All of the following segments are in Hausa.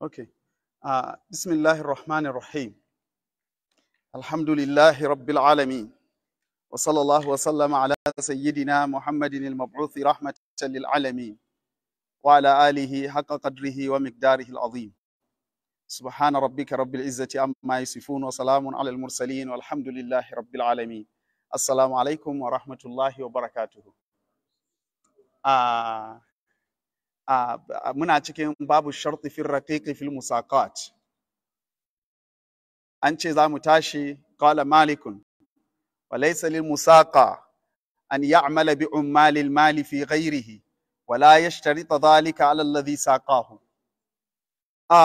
Okay. Uh, Bismillahir Rahmanir Rahim. Alhamdulillahi Rabbil Alamin. Wa sallallahu wa sallama ala sayyidina Muhammadin al-mab'uthi rahmatan lil alamin. Wa ala alihi haqqa wa miqdarihi azim سبحان ربك رب العزة عما يصفون وسلام على المرسلين والحمد لله رب العالمين السلام عليكم ورحمة الله وبركاته muna cikin babu sharti fil raqiqi fil musaqat an ce za mu tashi qala malikun wa laysa lil musaqa an ya'mala bi ummalil mali fi ghairihi wa la yashtarita dhalika ala alladhi saqahu a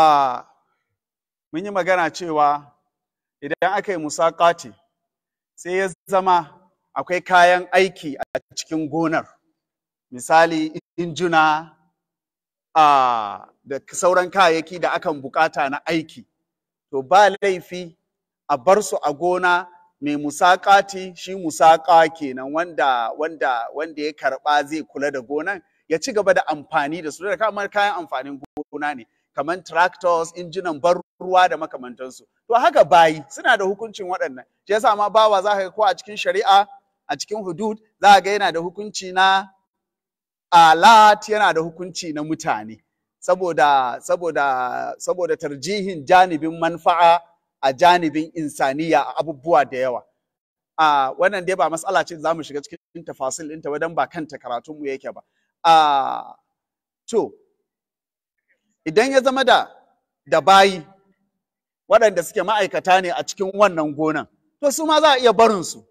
mun yi magana cewa idan aka yi musaqati sai ya zama akwai kayan aiki a cikin gonar misali injuna a da sauran kayayyaki da akan bukata na aiki to ba laifi a bar su a gona mai musakati shi musaka kenan wanda wanda wanda ya karba zai kula da gonan ya ci gaba da amfani da su da kamar kayan amfanin gona ne kamar tractors injinan bar ruwa da makamantansu to haka bayi suna da hukuncin waɗannan shi yasa ma bawa za ka ko a cikin shari'a a cikin hudud za ga yana da hukunci na alat yana da hukunci na mutane saboda saboda saboda tarjihin janibin manfa'a a janibin insaniya a abubuwa da yawa a wannan dai ba matsala ce za mu shiga cikin tafasil ɗinta wadan ba kanta karatun mu yake ba a to idan ya zama da da bayi waɗanda suke ma'aikata ne a cikin wannan gonan to su ma za a iya barinsu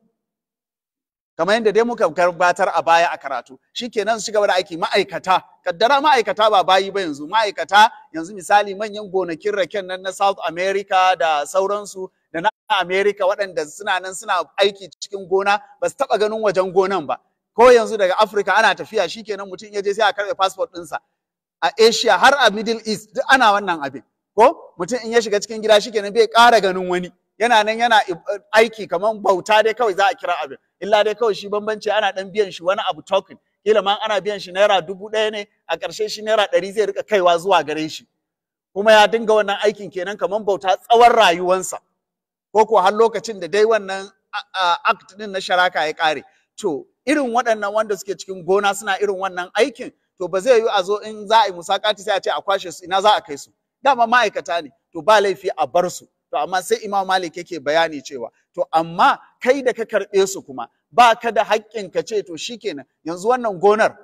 kamar yadda dai muka gabatar a baya a karatu shikenan su gaba da aiki ma'aikata kaddara ma'aikata ba bayi ba yanzu ma'aikata yanzu misali manyan gonakin raken nan na South America da sauransu da na America waɗanda suna nan suna aiki cikin gona ba su taɓa ganin wajen gonan ba ko yanzu daga Africa ana tafiya shikenan mutum ya je sai a karɓe passport ɗinsa a Asia har a Middle East duk ana wannan abin ko mutum in ya shiga cikin gida shikenan bai ƙara ganin wani yana nan yana eh, aiki kamar bauta dai kawai za a kira abin illa dai kawai shi bambanci ana dan biyan shi wani abu token kila ma ana biyan shi naira dubu ɗaya ne a ƙarshe shi naira ɗari zai rika kaiwa zuwa gare shi kuma ya dinga wannan aikin kenan kamar bauta tsawon rayuwansa ko ko har lokacin da dai wannan act din na sharaka ya ƙare to irin waɗannan wanda suke cikin gona suna irin wannan aikin to ba zai yi a zo in za a yi musakati sai a ce a kwashe su ina za a kai su dama ma'aikata ne to ba laifi a bar su to amma sai Imam Malik yake bayani cewa to amma kai da ka karɓe su kuma ba ka da haƙƙin ka ce to shikenan yanzu wannan gonar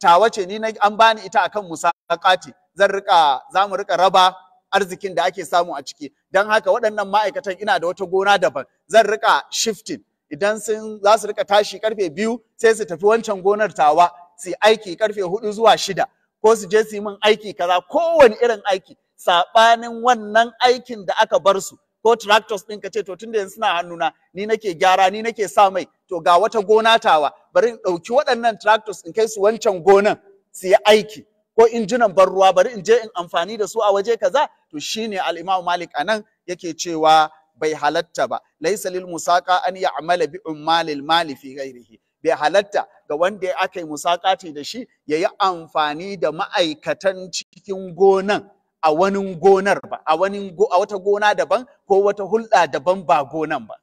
tawa ce ni an bani ita akan musaƙati zan rika za mu rika raba arzikin da ake samu a ciki don haka waɗannan ma'aikatan ina da wata gona daban zan rika shiftin idan sun za su rika tashi karfe biyu sai su tafi wancan gonar tawa su aiki karfe hudu zuwa shida ko su je su yi min aiki kaza kowane irin aiki saɓanin wannan aikin da aka bar su ko tractors ɗin ka ce to tunda yanzu suna hannuna ni nake gyara ni nake sa mai to ga wata gona tawa bari in ɗauki waɗannan tractors in kai su wancan gonan su yi aiki ko injinan ban ruwa bari in je in amfani da su a waje kaza to shine al-Imam Malik anan yake cewa bai halatta ba laysa lil musaqa an ya'mala bi ummalil mali fi ghairihi bai halatta ga wanda aka yi musakati da shi yayi amfani da ma'aikatan cikin gonan a wani gonar ba a wani a wata gona daban ko wata hulɗa daban ba gonan ba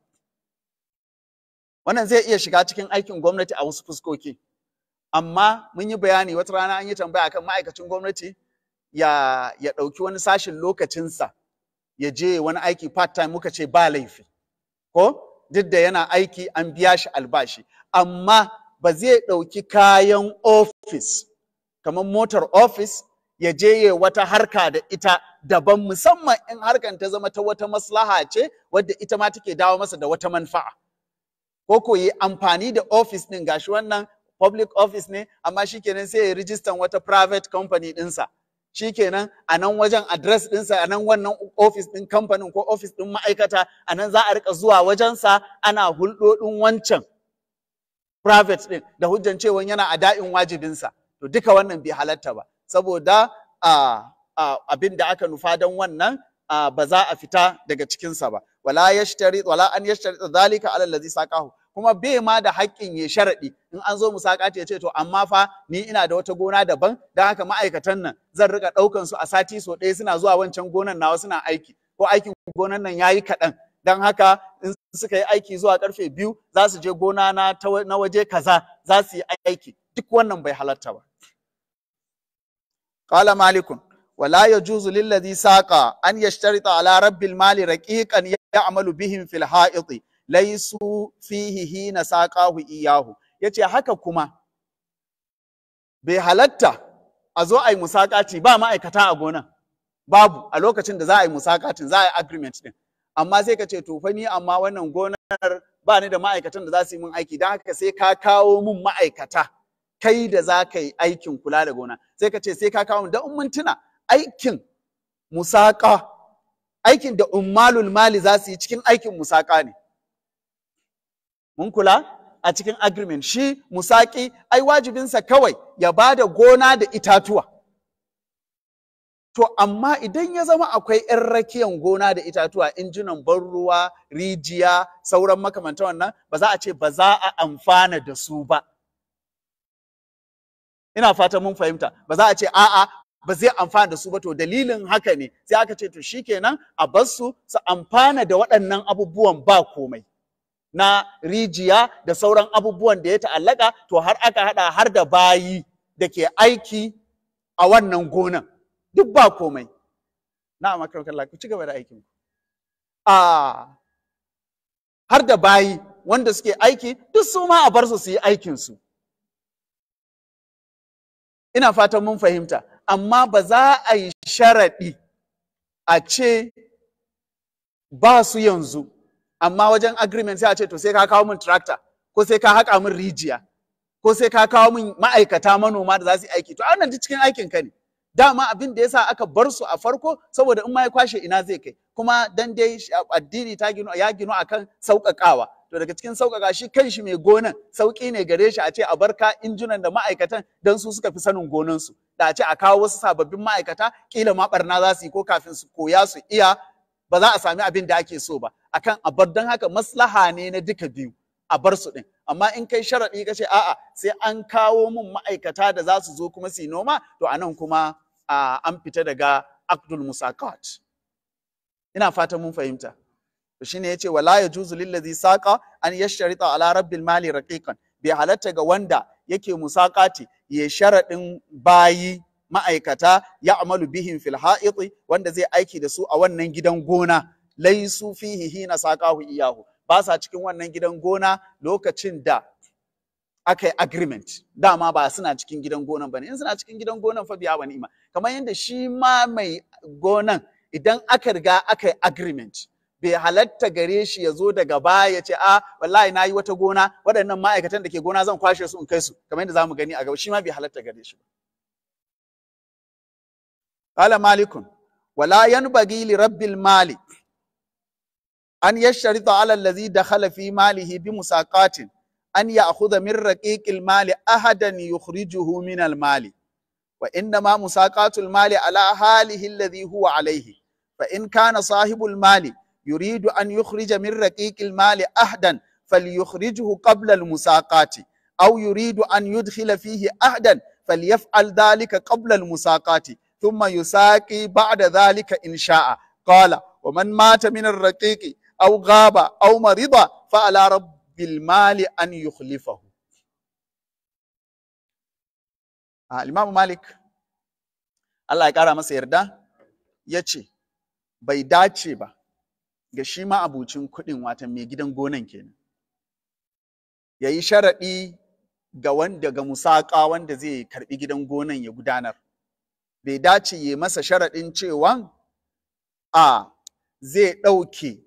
wannan zai iya shiga cikin aikin gwamnati a wasu fuskoki amma mun yi bayani wata rana an yi tambaya kan ma'aikacin gwamnati ya ya ɗauki wani sashin lokacinsa ya je wani aiki part time muka ce ba laifi ko duk da yana aiki an biya shi albashi amma ba zai ɗauki kayan ofis kamar motar ofis ya je ya wata harka da ita daban musamman in harkan ta zama ta wata maslaha ce wadda ita ma take dawo masa da wata manfa'a ko ko yi amfani da office din gashi wannan public office ne amma shikenan sai ya register wata private company dinsa shikenan a nan wajen address dinsa a nan wannan office din company, ko office din ma'aikata a nan za a rika zuwa wajensa ana hulɗoɗin wancan private din da hujjan cewa yana a da'in wajibinsa to duka wannan bai halatta ba saboda abin da aka nufa don wannan ba za a fita daga cikinsa ba wala an wala an zalika ala allazi saqahu kuma bai ma da haƙƙin ya sharaɗi in an zo mu saƙa ya ce to amma fa ni ina da wata gona daban don haka ma'aikatan nan zan rika ɗaukan su a sati so ɗaya suna zuwa wancan gonan nawa suna aiki ko aikin gonan nan yayi kaɗan don haka in suka yi aiki zuwa ƙarfe biyu za su je gona na waje kaza za su yi aiki duk wannan bai halarta ba qala malikun wala yajuzu lil ladhi saqa an yashtarita ala rabbil mali raqiqan ya'malu bihim fil ha'iti laysu fihi hina saqahu iyahu yace haka kuma bai halatta a zo a yi musakaci ba ma'aikata a gonan babu a lokacin da za a yi musakacin za a yi agreement din amma sai ka ce to fa amma wannan gonar ba ni da ma'aikatan da za su yi min aiki don haka sai ka kawo min ma'aikata kai da za ka yi aikin kula da gona sai ka ce sai ka kawo don mun tuna aikin musaka aikin da ummalul mali za su yi cikin aikin musaka ne mun kula a cikin agreement shi musaki ai wajibinsa kawai ya ba da gona da itatuwa to amma idan ya zama akwai 'yan rakiyan gona da itatuwa injinan ban ruwa rijiya sauran makamantan wannan ba za a ce ba za a amfana da su ba ina fata mun fahimta ba za a ce a'a ba zai amfana da su ba to dalilin haka ne sai aka ce to shikenan a bar su su amfana da waɗannan abubuwan ba komai na rijiya da sauran abubuwan da ya ta'allaka to har aka hada har da bayi da ke aiki a wannan gonan duk ba komai na makarakallah ku ci gaba da aikin a har da bayi wanda suke aiki duk su ma a bar su su yi aikinsu ina fatan mun fahimta amma ba za a yi sharaɗi a ce ba su yanzu amma wajen agreement sai a ce to sai ka kawo min tractor ko sai ka haƙa min rijiya ko sai ka kawo min ma'aikata manoma da za su yi aiki to wannan cikin aikin ka ne dama abin da yasa aka bar su a farko saboda in ma ya kwashe ina zai kai kuma dan dai addini ta gino ya gino akan sauƙaƙawa to daga cikin sauƙaƙa shi kanshi mai gonan sauƙi ne gare shi a ce a barka injunan da ma'aikatan don su suka fi sanin gonansu da a ce a kawo wasu sababbin ma'aikata ƙila ma barna za su yi ko kafin su koya su iya ba za a sami abin da ake so ba akan a bar don haka maslaha ne na duka biyu a bar su ɗin amma in kai sharaɗi ka ce a'a sai an kawo min ma'aikata da za su zo kuma su noma to a nan kuma an fita daga Abdul Musakat ina fata mun fahimta to shine yace wala yajuzu lil ladzi saqa an yashtarita ala rabbil mali raqiqan bai halatta ga wanda yake musaqati ya sharadin bayi ma'aikata ya amalu bihin fil ha'iti wanda zai aiki da su a wannan gidan gona laysu fihi hina saqahu iyahu ba sa cikin wannan gidan gona lokacin da aka yi agreement dama ba suna cikin gidan gonan bane in suna cikin gidan gonan fa biya wani ima kamar yadda shi ma mai gonan idan aka riga aka yi agreement bai halatta gare shi ya zo daga baya ya ce a ah, wallahi na yi wata gona waɗannan ma'aikatan da ke gona zan kwashe su in kai su kamar yadda za mu gani a gaba shi ma bai halatta gare shi ba. Kala malikun wala yanbaghi li rabbil mali an yashrita ala allazi dakhala fi malihi bi musaqatin an ya'khudha min raqiqil mali ahadan yukhrijuhu min al mali wa inna musaqatul mali ala halihi alladhi huwa alayhi fa in kana sahibul mali يريد أن يخرج من رقيق المال أحدا فليخرجه قبل المساقات أو يريد أن يدخل فيه أحدا فليفعل ذلك قبل المساقات ثم يساقي بعد ذلك إن شاء قال ومن مات من الرقيق أو غاب أو مرض فعلى رب المال أن يخلفه آه الإمام مالك الله يقرأ سيردا ده بيداتي bai ga shi ma abucin kuɗin wata mai gidan gonan kenan ya yi sharaɗi ga wanda ga musaƙa wanda zai karɓi gidan gonan ya gudanar bai dace ya masa sharaɗin cewan a zai ɗauke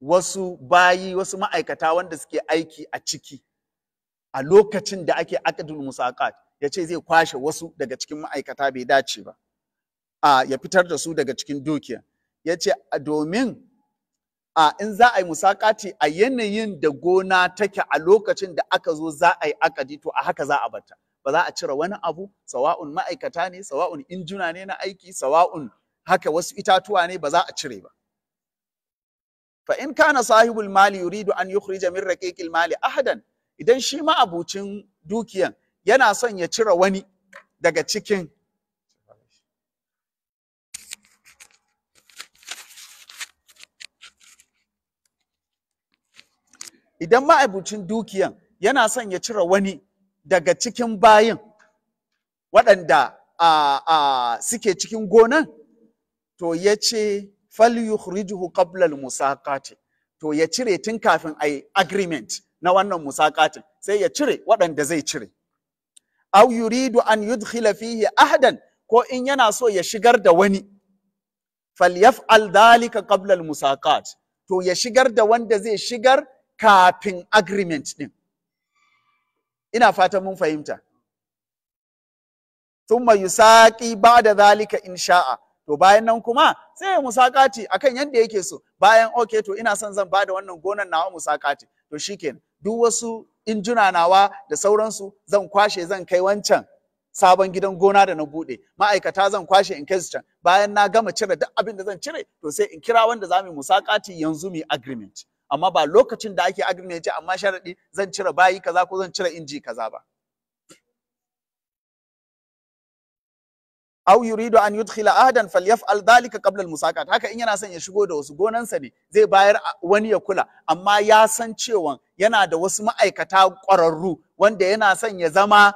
wasu bayi wasu ma'aikata wanda suke aiki a ciki a lokacin da ake akadun musaƙa. ya ce zai kwashe wasu daga cikin ma'aikata bai dace ba a ya fitar da su daga cikin dukiya ya ce domin a in za a yi musakati a yanayin da gona take a lokacin da aka zo za a yi akadi to a haka za a bata ba za a cire wani abu sawa'un ma'aikata ne sawa'un injuna ne na aiki sawa'un haka wasu itatuwa ne ba za a cire ba fa in kana sahibul mali yuridu an yukhrija min raqiqil mali ahadan idan shi ma abucin dukiyan yana son ya cire wani daga cikin idan ma'aibucin dukiyan yana son ya cire wani daga cikin bayin waɗanda a, suke cikin gonan to ya ce falyukhrijuhu qabla to ya cire tun kafin a agreement na wannan musaqatin sai ya cire waɗanda zai cire aw yuridu an yudkhila fihi ahadan ko in yana so ya shigar da wani falyaf'al dhalika qabla al to ya shigar da wanda zai shigar kafin agreement din ina fatan mun fahimta thumma ba da zalika insha'a to bayan nan kuma sai ya musakati kan yadda yake so bayan okay to ina son zan bada wannan gonan nawa musakati to shikenan duk wasu injuna nawa da sauransu zan kwashe zan kai wancan sabon gidan gona da na buɗe ma'aikata zan kwashe in kai su can bayan na gama cire duk abin da zan cire to sai in kira wanda za mu musakati yanzu mu agreement amma ba lokacin da ake agreement ce amma sharadi zan cire bayi kaza ko zan cire inji kaza ba aw yuridu an yudkhila ahadan falyaf'al dhalika qabla al haka in yana son ya shigo da wasu gonansa ne zai bayar wani ya kula amma ya san cewa yana da wasu ma'aikata ƙwararru wanda yana son ya zama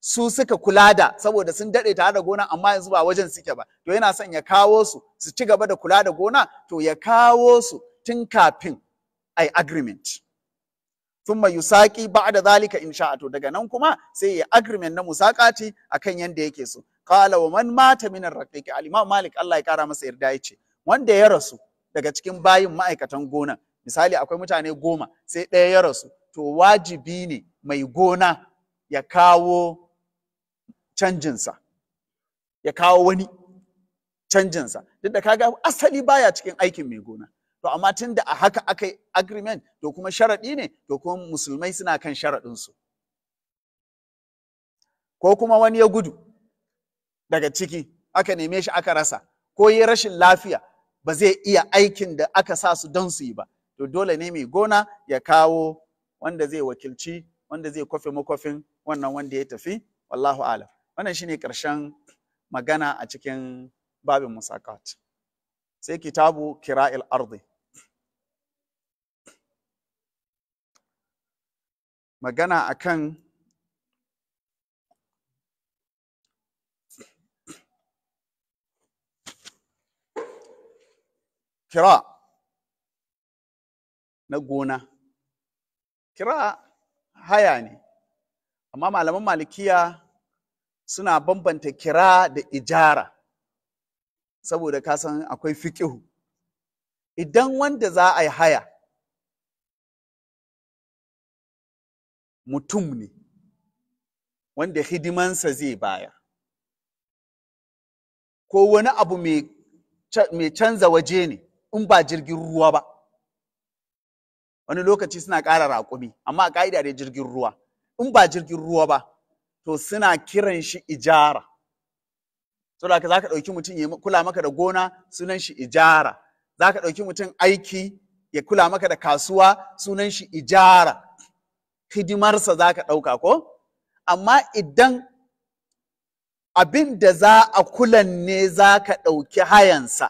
su suka kula da saboda sun daɗe tare da gona amma yanzu ba wajen suke ba to yana son ya kawo su su ci gaba da kula da gona to ya kawo su tun kafin a agreement yusaƙi ba da zalika in sha to daga nan kuma sai ya agreement na a kan yadda yake so Kala wa man mata minar ar Ali, malik Allah ya kara masa yarda ya ce. wanda ya rasu daga cikin bayin ma'aikatan gona misali akwai mutane goma sai ɗaya ya rasu to wajibi ne mai gona ya kawo canjinsa ya kawo wani canjinsa duk da kaga asali baya cikin aikin mai gona to amma tun da a haka aka yi agreement to kuma sharaɗi ne to kuma musulmai suna kan sharaɗinsu ko kuma wani ya gudu daga ciki aka neme shi aka rasa ko yi rashin lafiya ba zai iya aikin da aka sa su don su yi ba to dole ne mai gona ya kawo wanda zai wakilci wanda zai kwafe makwafin wannan wanda ya tafi wallahu alam wannan shine karshen magana a cikin babin musakat sai kitabu kira'il ardi magana akan kira na gona kira haya ne amma malaman malikiya suna bambanta kira da ijara saboda kasan akwai fiƙihu idan wanda za a yi haya mutum ne wanda hidimansa zai baya. ko wani abu mai canza waje ne in ba jirgin ruwa ba wani lokaci suna ƙara raƙumi amma a ƙa'ida da jirgin ruwa in ba jirgin ruwa ba to suna kiran shi ijara saboda za ka ɗauki mutum ya kula maka da gona sunan shi ijara za ka ɗauki mutum aiki ya kula maka da kasuwa sunan shi ijara hidimarsa za ka ɗauka ko? Amma idan abin da za a kulan ne za ka ɗauki hayansa,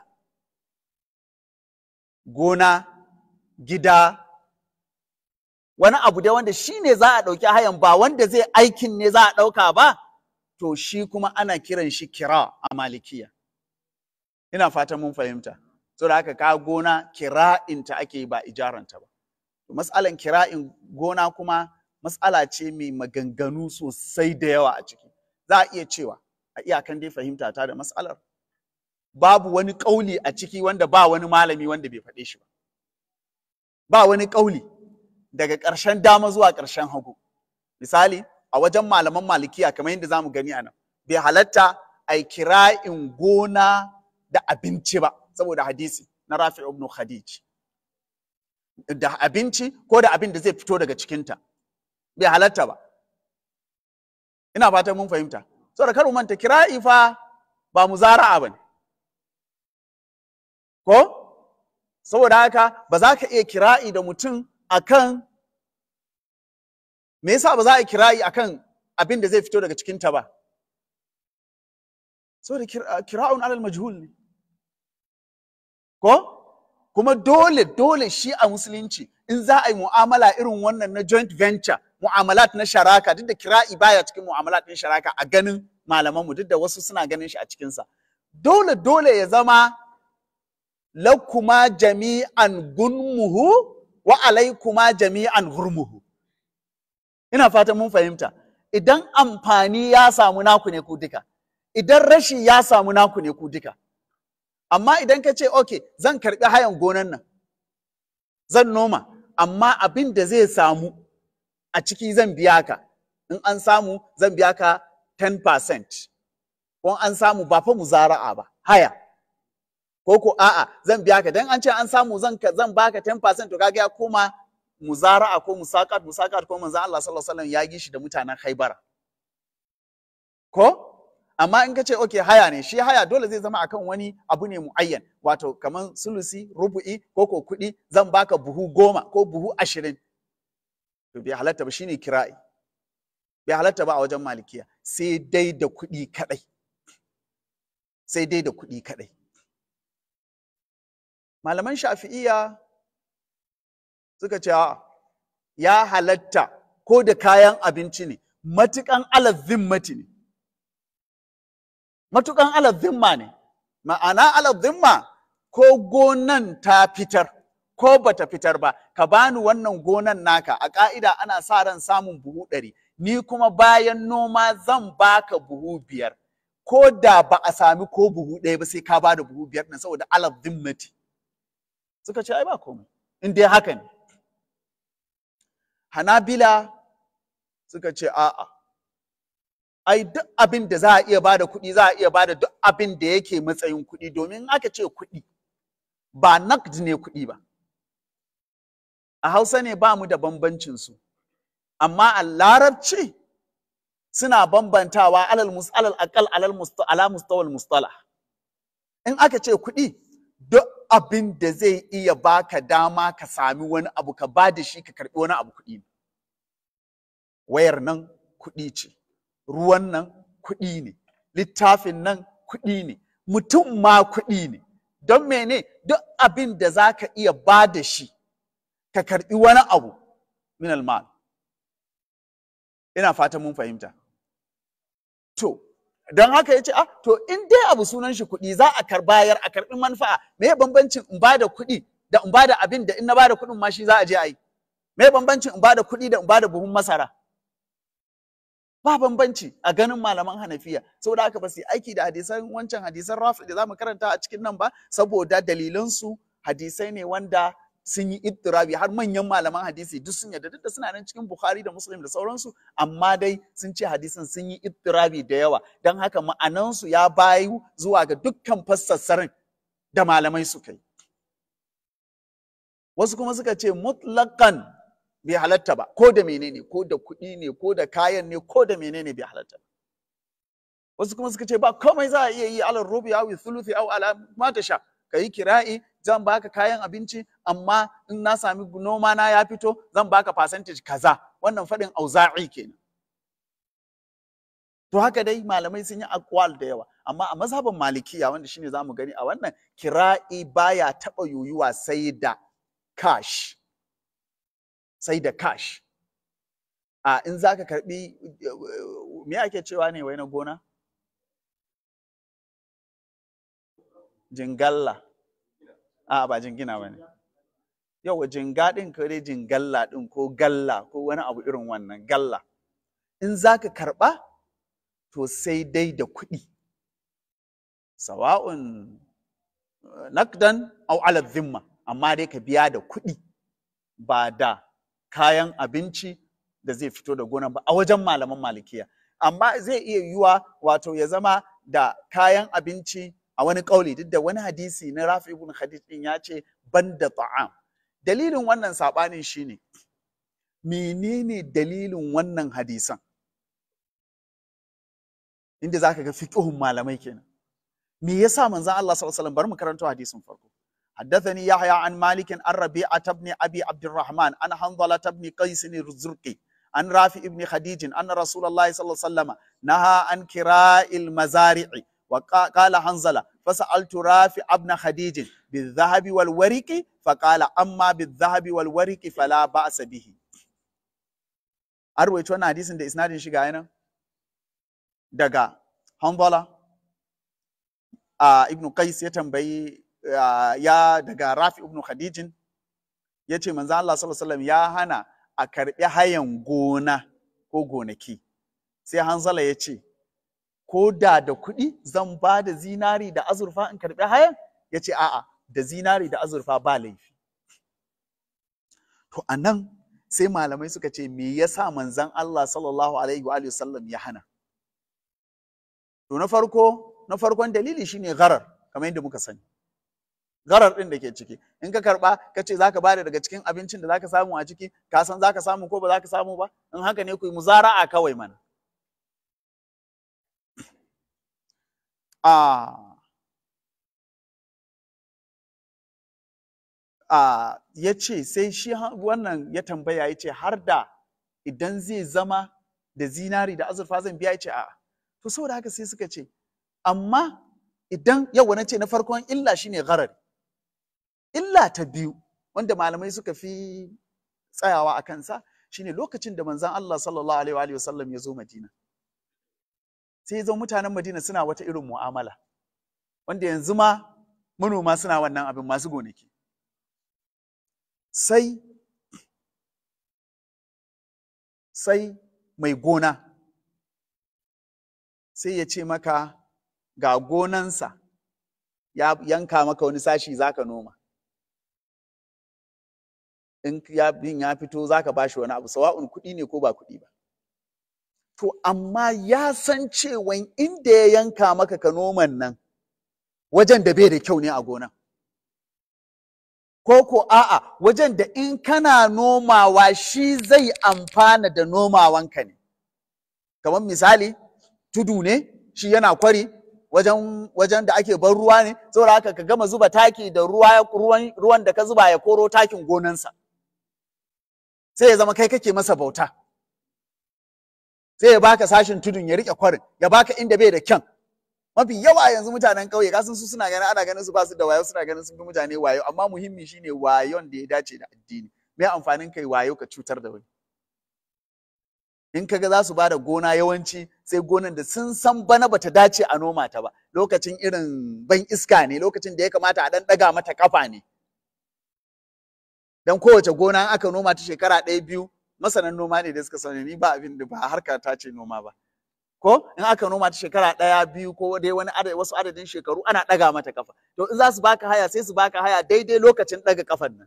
gona, gida, wani abu dai wanda shi ne za a ɗauki hayan ba wanda zai aikin ne za a ɗauka ba, to shi kuma ana kiran shi kira a malikiya. Ina fatan mun fahimta. Saboda haka ka gona kira'inta ake yi ba ijaranta ba. matsalan kira'in gona kuma matsala ce mai maganganu sosai da yawa a ciki za a iya cewa a iyakan dai fahimta ta da matsalar babu wani ƙauli a ciki wanda ba wani malami wanda bai faɗe shi ba ba wani ƙauli daga ƙarshen dama zuwa ƙarshen hagu misali a wajen malaman malikiya kamar yadda zamu gani a nan bai halatta a kira'in gona da abinci ba saboda hadisi na rafi ibn khadij da abinci ko da abin da zai fito daga cikinta bai halatta ba ina fatan mun fahimta saboda kar manta kira'i fa ba muzara'a bane ko saboda haka ba za ka iya kira'i da mutum akan me yasa ba za a kira'i akan abin da zai fito daga cikinta ba saboda kira'un alal majhul ne ko kuma dole dole shi a musulunci in za a yi mu'amala irin wannan na joint venture mu'amalat na sharaka duk da kira'i baya cikin mu'amalat din sharaka a ganin malaman mu duk da wasu suna ganin shi a cikin sa dole dole ya zama lakuma jami'an gunmuhu wa alaikuma jami'an hurmuhu ina fata mun fahimta idan amfani ya samu naku ne ku duka idan rashi ya samu naku ne ku duka amma idan ka ce ok zan karɓi hayan gonan nan zan noma amma abin da zai samu a ciki zan biya ka in an samu zan biya ka 10% ko an samu ba fa muzara'a ba haya ko ko a'a zan biya ka don an ce an samu zan zan baka 10% to kaga ya koma muzara'a ko musaqat musaqat ko zan Allah sallallahu alaihi wasallam ya gishi da mutanen haibara, ko amma in ka ce ok haya ne shi haya dole zai zama akan wani abu ne muayyan wato kamar sulusi rubu'i ko ko kuɗi zan baka buhu goma ko buhu ashirin to bai halatta ba shine kira'i bai halatta ba a wajen malikiya sai dai da kuɗi kaɗai sai dai da kuɗi kaɗai malaman shafi'iya suka ce ya halatta ko da kayan abinci ne matukan alazzin zimmati ne matukan alazimma ne ma'ana alab-zimma ko gonan ta fitar ko bata fitar ba ka bani wannan gonan naka a ƙa'ida ana sa ran samun buhu ɗari ni kuma bayan noma zan baka buhu biyar ko da ba a sami ko buhu ɗaya ba sai ka ba da buhu biyar nan saboda alazimmati suka ce ai ba komai in dai haka ne hanabila suka ce a'a ai duk abin da za a iya bada kuɗi za a iya bada duk abin da yake matsayin kuɗi domin aka ce kuɗi ba naqd ne kuɗi ba a Hausa ne ba mu da bambancin su amma a larabci suna bambantawa alal alal aqal alal ala mustawal mustala in aka ce kuɗi duk abin da zai iya baka dama ka sami wani abu ka ba da shi ka karbi wani abu kuɗi wayar nan kuɗi ce ruwan nan kuɗi ne littafin nan kuɗi ne mutum ma kuɗi ne don mene duk abin da za ka iya ba da shi ka karɓi wani abu min almal ina fata mun fahimta to don haka ya ce ah to in dai abu sunan shi kuɗi za a karbayar a karɓi manfa'a me ya bambancin in ba da kuɗi da in ba da abin da in na ba da kuɗin ma shi za a je a yi me ya bambancin in ba da kuɗi da in ba da buhun masara ba bambanci a ganin malaman hanafiya saboda haka ba su aiki da hadisan wancan hadisan rafi da zamu karanta a cikin nan ba saboda dalilansu hadisai ne wanda sun yi ittirabi har manyan malaman hadisi duk sun yarda duk da suna nan cikin bukhari da muslim da sauransu amma dai sun ce hadisan sun yi ittirabi da yawa don haka ma'anansu ya bayu zuwa ga dukkan fassassarin da malamai su kai. wasu kuma suka ce mutlaqan bai halatta ba ko da menene ko da kuɗi ne ko da kayan ne ko da menene bai halatta ba wasu kuma suka ce ba komai za a iya yi alal rubi awi thuluthi au ala ma ta sha yi kira'i zan baka kayan abinci amma in na sami noma na ya fito zan baka percentage kaza wannan faɗin auza'i kenan to haka dai malamai sun yi akwal da yawa amma a mazhabin malikiya wanda shine mu gani a wannan kira'i baya taɓa yuyuwa sai da kash sai da cash a in za ka karɓi me ake cewa ne wai na gona jingalla a ba jingina ba ne Yau, jinga ɗin ko dai jingalla ɗin ko galla ko wani abu irin wannan galla in za ka karɓa to sai dai da kuɗi sawa'un eh, nakdan au ala zimma amma dai ka biya da kuɗi ba da kayan abinci da zai fito da gonan ba a wajen malaman malikiya amma zai iya yiwuwa wato ya zama da kayan abinci a wani kauli duk da wani hadisi na Rafi ibn Khadij din ya ce ban da ta'am dalilin wannan sabanin shine menene dalilin wannan hadisan inda zaka ga fiqhun malamai kenan me yasa manzon Allah sallallahu alaihi wasallam bar mu karanto hadisin farko حدثني يحيى عن مالك عن ربيعة بن أبي عبد الرحمن عن حنظلة بن قيس الزرقي عن رافع بن خديج أن رسول الله صلى الله عليه وسلم نهى عن كراء المزارع وقال حنظلة فسألت رافع بن خديج بالذهب والورق فقال أما بالذهب والورق فلا بأس به أروي تونا حديث ده إسناد شجعنا دقا حنظلة آه ابن قيس يتنبي ya daga Rafi ibn Khadijin ya ce manzo Allah sallallahu alaihi ya hana a karbi hayan gona ko gonaki sai Hanzala ya ce ko da da kuɗi zan ba da zinari da azurfa in karbi hayan ya ce a'a da zinari da azurfa ba laifi to anan sai malamai suka ce me yasa manzon Allah sallallahu alaihi wa sallam ya hana to na farko na farkon dalili shine gharar kamar yadda muka sani garar ɗin da ke ciki in ka karba ka ce zaka bada daga cikin abincin da zaka samu a ciki ka san zaka samu ko ba zaka samu ba in haka ne ku yi muzara'a kawai mana ah a ah, ya sai shi wannan ya tambaya yace har da idan zai zama da zinari da azurfa zan biya ya ce to saboda haka sai suka ce amma idan yau na ce na farkon illa shine gharari illa ta biyu wanda malamai suka fi tsayawa a kansa shine lokacin da manzon Allah sallallahu alaihi wa sallam ya zo Madina sai ya zo mutanen Madina suna wata irin mu'amala wanda yanzu ma manoma suna wannan abin masu gonaki sai sai mai gona sai ya ce maka ga gonansa ya yanka maka wani sashi zaka noma in bin ya fito za ka bashi wani abu sawa'un kuɗi ne ko ba kuɗi ba to amma ya san cewa inda ya yanka maka ka noman nan wajen da bai da kyau ne a gona. ko ko a'a wajen da in kana nomawa shi zai amfana da nomawanka ne kamar misali tudu ne shi yana kwari wajen da ake ban ruwa ne saboda haka ka gama zuba taki da ruwan da ka zuba ya koro takin gonansa sai ya zama kai kake masa bauta sai ya baka sashin tudun ya rike kwarin ya baka inda bai da kyan mafi yawa yanzu mutanen ƙauye kasan su suna ganin ana ganin su ba su da wayo suna ganin sun fi mutane wayo amma muhimmi shine wayon da ya dace da addini me amfanin kai wayo ka cutar da wani in kaga za su bada gona yawanci sai gonan da sun san bana bata dace a noma ta ba lokacin irin ban iska ne lokacin da ya kamata a dan daga mata kafa ne dan kowace gona aka noma ta shekara ɗaya biyu masanan noma ne da suka sani ni ba abin da ba harka ta ce noma ba ko in aka noma ta shekara ɗaya biyu ko dai wani wasu adadin shekaru ana ɗaga mata kafa to in za su baka haya sai su baka haya daidai lokacin ɗaga kafan nan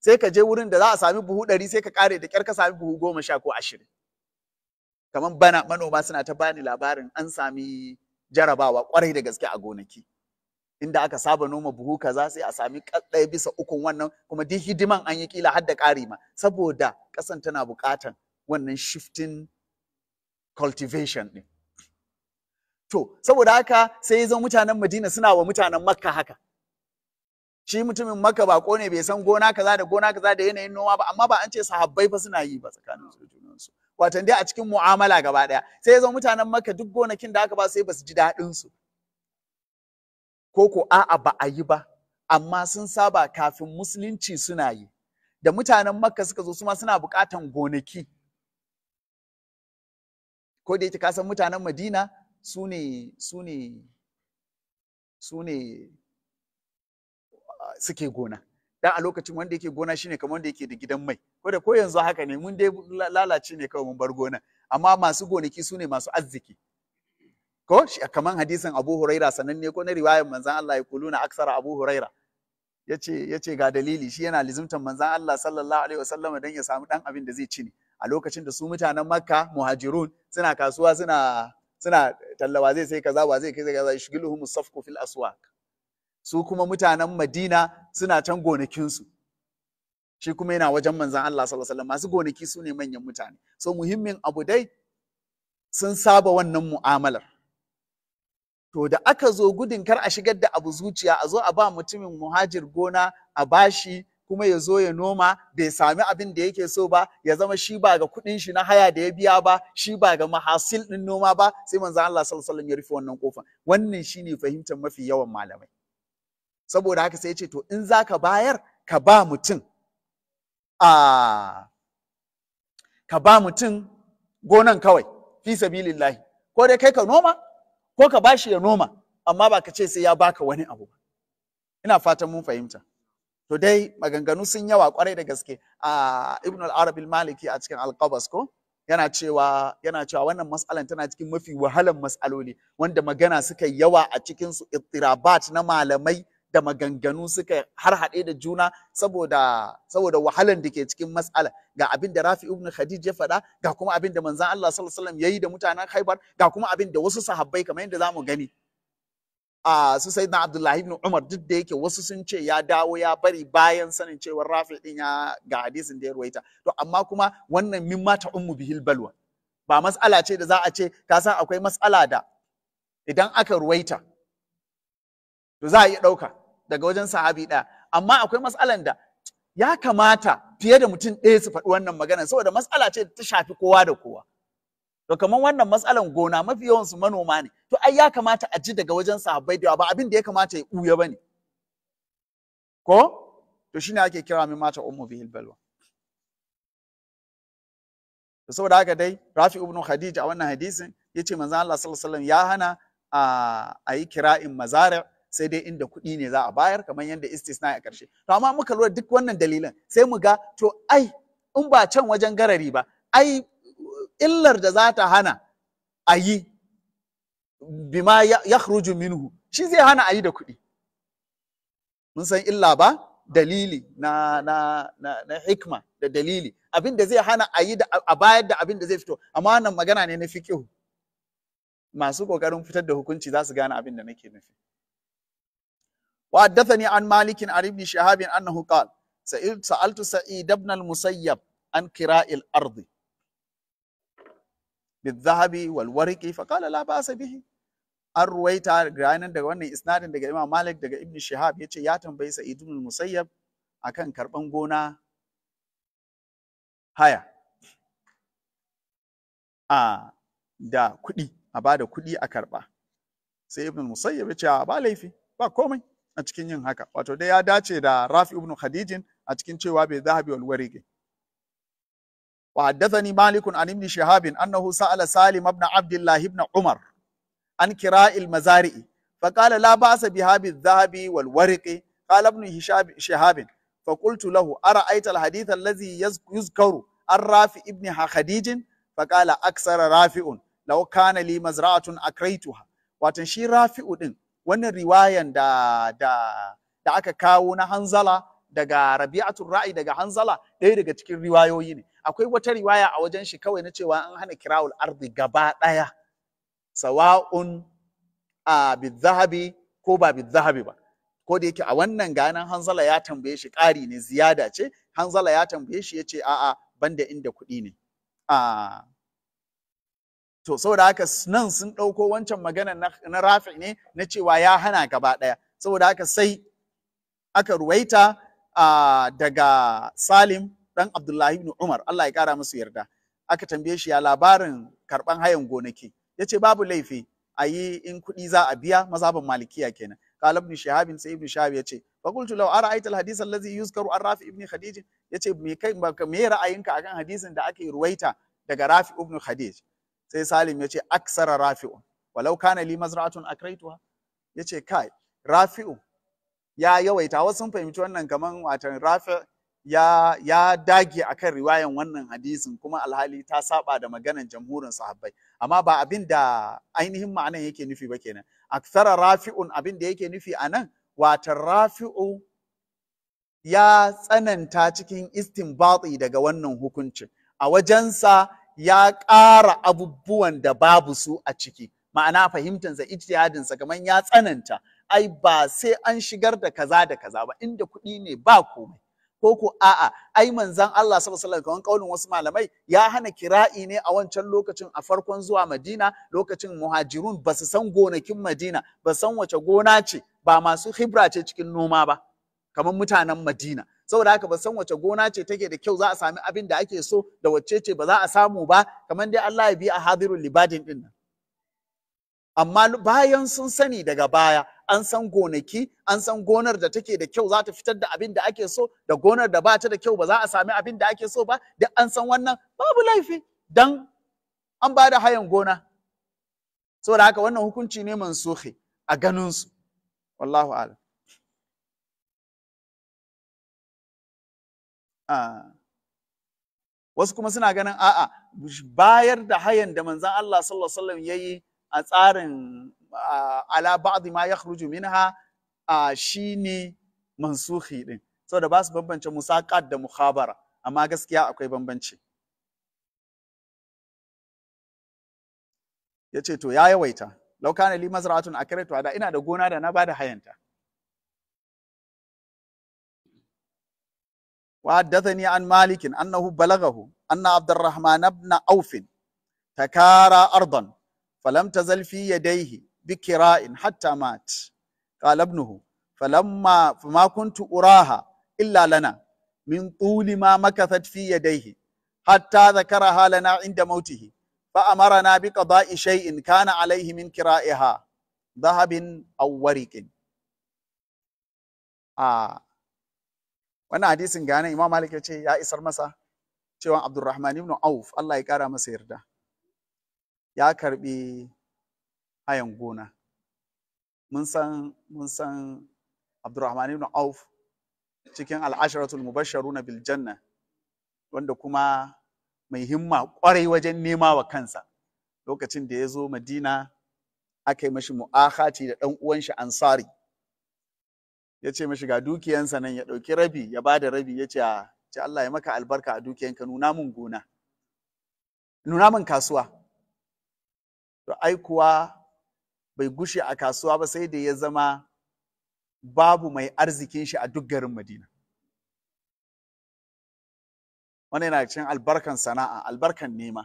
sai ka je wurin da za a sami buhu ɗari sai ka ƙare da ƙyar ka sami buhu goma sha ko ashirin kamar bana manoma suna ta bani labarin an sami jarabawa kwarai da gaske a gonaki inda aka saba noma buhu kaza sai a sami ɗaya bisa ukun wannan kuma duk hidiman an yi kila har da ƙari ma saboda ƙasan tana buƙatan wannan shifting cultivation ɗin. To, saboda haka sai zo mutanen Madina suna wa mutanen Makka haka. Shi mutumin Makka ba ne bai san gona kaza da gona kaza da yanayin noma ba, amma ba an ce sahabbai fa suna yi ba tsakanin su junansu. Watan dai a cikin mu'amala gaba ɗaya. Sai ya mutanen Makka duk gonakin da aka ba sai basu ji daɗin su. Koko ko a'a ba a yi ba amma sun saba kafin musulunci suna yi da mutanen makka suka zo suma suna buƙatan gonaki ko da yake kasan mutanen madina su ne ah, suke gona dan a lokacin wanda yake gona shine kamar wanda yake da gidan mai ko da ko yanzu haka ne mun dai lalace ne kawai mun bar gona amma masu gonaki su ne masu arziki ko kaman hadisin Abu Huraira sananne ko na riwayar Manzan Allah ya kulu na aksara Abu Huraira yace yace ga dalili shi yana lizimtan Manzan Allah sallallahu alaihi wasallam dan ya samu dan abin da zai ci ne a lokacin da su mutanen Makka muhajirun suna kasuwa suna tallawa zai sai kaza wa zai kai kaza shigiluhum safku fil aswaq su kuma mutanen Madina suna can gonakinsu shi kuma yana wajen Manzan Allah sallallahu alaihi wasallam masu gonaki su ne manyan mutane so muhimmin abu dai sun saba wannan mu'amalar to da aka zo gudun kar a shigar da abu zuciya a zo a ba mutumin muhajir gona a bashi kuma ya zo ya noma bai sami abin da yake so ba ya zama shi ba ga kuɗin shi na haya da ya biya ba shi ba ga mahasil ɗin noma ba sai manzo Allah sallallahu alaihi ya rufe wannan kofa wannan shine fahimtar mafi yawan malamai saboda haka sai ya ce to in zaka bayar ka ba mutum a ka ba mutum gonan kawai fi sabilillahi ko dai kai ka noma ko ka ba shi ya noma amma ba ka ce sai ya baka wani abu ba ina fatan mun fahimta to dai maganganu sun yawa kwarai da gaske a ibn al-arab al-maliki a cikin al-qabas ko yana cewa yana cewa wannan mas'alan tana cikin mafi wahalan mas'aloli wanda magana suka yawa a cikin su ittirabat na malamai da maganganu suka har haɗe da juna saboda saboda wahalan da ke cikin matsala. ga abin da Rafi ibn Khadij ya faɗa ga kuma abin da manzon Allah sallallahu alaihi wasallam yayi da mutanen Khaibar ga kuma abin da wasu sahabbai kamar yadda zamu gani a su sayyidina na Abdullahi ibn Umar duk da yake wasu sun ce ya dawo ya bari bayan sanin cewar Rafi din ya ga hadisin da ya ruwaita to amma kuma wannan min mata ummu bihil balwa ba matsala ce da za a ce ka san akwai matsala da idan aka ruwaita to za a iya ɗauka daga wajen sahabi ɗaya amma akwai matsalan da ya kamata fiye da mutum ɗaya su faɗi wannan magana saboda matsala ce ta shafi kowa da kowa to kamar wannan matsalan gona mafi yawan su manoma ne to ai ya kamata a ji daga wajen sahabbai da ba abin da ya kamata ya ɓuya ba ne ko to shine ake kira min mata ummu bihil balwa to saboda haka dai rafi ibn khadija a wannan hadisin yace manzo Allah sallallahu alaihi wasallam ya hana a yi kira'in mazari' sai dai inda kuɗi ne za a bayar kamar yadda istisna a ƙarshe to amma muka lura duk wannan dalilan sai mu ga to ai in ba can wajen garari ba ai illar da za ta hana a yi bima ya minhu shi zai hana a yi da kuɗi mun san illa ba dalili na, na, na, na hikma da dalili abin da zai hana a yi a bayar da abin da zai fito amma wannan magana ne na fiƙihu masu ƙoƙarin fitar da hukunci za su gane abin da nake nufi وحدثني عن مالك عن ابن شهاب أنه قال سألت سعيد بن المسيب عن كراء الأرض بالذهب والورق فقال لا بأس به an ruwaita ranar daga wannan isnadin daga Imam Malik daga Ibn ya ce ya tambayi Sa'id ibn Musayyab akan karban gona haya a da kuɗi a bada kuɗi a karba sai Ibn Musayyab yace ba laifi ba komai a cikin yin haka wato dai ya dace da Raf ibn a cikin cewa bai zahabi wal warige wa haddathani malikun an ibn shahabin annahu sa'ala salim Abdullahi, abdullah umar an kira mazari'i fa qala la ba'sa bi hadhi dhahabi wal warqi qala shahabin fa lahu ara'aita al hadith alladhi yuzkaru an rafi ibn khadijin fa qala aksara rafi'un law kana li mazra'atun akraituha watan shi rafi'u din wannan riwayan da da da aka kawo na hanzala daga rabi'atul ra'i daga hanzala ɗaya daga cikin riwayoyi ne akwai wata riwaya a wajen shi kawai na cewa an hana kirawul ardi gaba ɗaya sawa'un a bizahabi ko ba bizahabi ba ko da yake a wannan ganin hanzala ya tambaye shi ƙari ne ziyada ce hanzala ya tambaye shi ya ce a'a banda inda kuɗi ne to saboda haka nan sun ɗauko wancan magana na rafi ne na cewa ya hana gaba ɗaya saboda haka sai aka ruwaita daga salim ɗan abdullahi ibn umar allah ya ƙara musu yarda aka tambaye shi ya labarin karɓan hayan gonaki ya ce babu laifi a yi in kuɗi za a biya mazhabin malikiya kenan Kala ibn shihab sai ibn shihab ya ce fa qultu law ara'aita al-hadith yuzkaru an rafi ibn khadij ya me kai me ra'ayinka akan hadisin da ake ruwaita daga rafi ibn khadij sai salim ya ce aksara rafi'un walau kana li mazra'atun akraituha ya ce kai rafi'u ya yawaita wasu sun fahimci wannan kaman watan rafi ya ya dage akan riwayan wannan hadisin kuma alhali ta saba da maganan jamhurin sahabbai amma ba abin da ainihin ma'anan yake nufi ba kenan aksara rafi'un abin da yake nufi anan watan rafi'u ya tsananta cikin istinbati daga wannan hukuncin a wajensa ya ƙara abubuwan da babu su a ciki ma'ana fahimtansa ijtihadinsa kamar ya tsananta ai ba sai an shigar da kaza da kaza ba inda kuɗi ne ba komai ko ko a'a ai manzon Allah sallallahu alaihi wasallam kawai wasu malamai ya hana kira'i ne a wancan lokacin a farkon zuwa Madina lokacin muhajirun ba su san gonakin Madina ba san wace gona ce ba masu hibra ce cikin noma ba kamar mutanen Madina saboda haka ba san wace gona ce take da kyau za a sami abin da ake so da wacce ce ba za a samu ba kamar dai Allah ya bi a hadirul libadin din nan amma bayan sun sani daga baya an san gonaki an san gonar da take da kyau za ta fitar da abin da ake so da gonar da ba ta da kyau ba za a sami abin da ake so ba duk an san wannan babu laifi dan an ba da hayan gona saboda haka wannan hukunci ne mansuhi a ganin su wallahu alam Ah. wasu kuma suna ganin a'a bayar da hayan da manzan Allah sallallahu alaihi wasallam yayi a tsarin ah, ala ba'd ma yakhruju minha ah, shine mansukhi din saboda ba su bambance musaqat da mukhabara amma gaskiya akwai bambanci yace to ya yawaita law kana li a akratu ada ina da gona da na bada hayanta وحدثني عن مالك أنه بلغه أن عبد الرحمن بن أوف تكارى أرضا فلم تزل في يديه بكراء حتى مات قال ابنه فلما فما كنت أراها إلا لنا من طول ما مكثت في يديه حتى ذكرها لنا عند موته فأمرنا بقضاء شيء كان عليه من كرائها ذهب أو ورق آه wannan hadisin ga nan Imam Malik ya ce ya isar masa cewa Abdurrahman ibn Auf Allah ya kara masa yarda ya karbi hayan gona mun san mun san Abdurrahman ibn Auf cikin al'asharatul mubasharuna bil janna wanda kuma mai himma kwarai wajen nema wa kansa lokacin da ya zo Madina aka yi mashi mu'ahati da ɗan uwan shi Ansari ya ce mashi ga dukiyansa nan ya ɗauki rabi ya ba da rabi ya ce ce Allah ya maka albarka a dukiyanka nuna mun gona nuna min kasuwa to ai kuwa bai gushe a kasuwa ba sai da ya zama babu mai arzikin shi a duk garin Madina wannan yana cin albarkan sana'a albarkan nema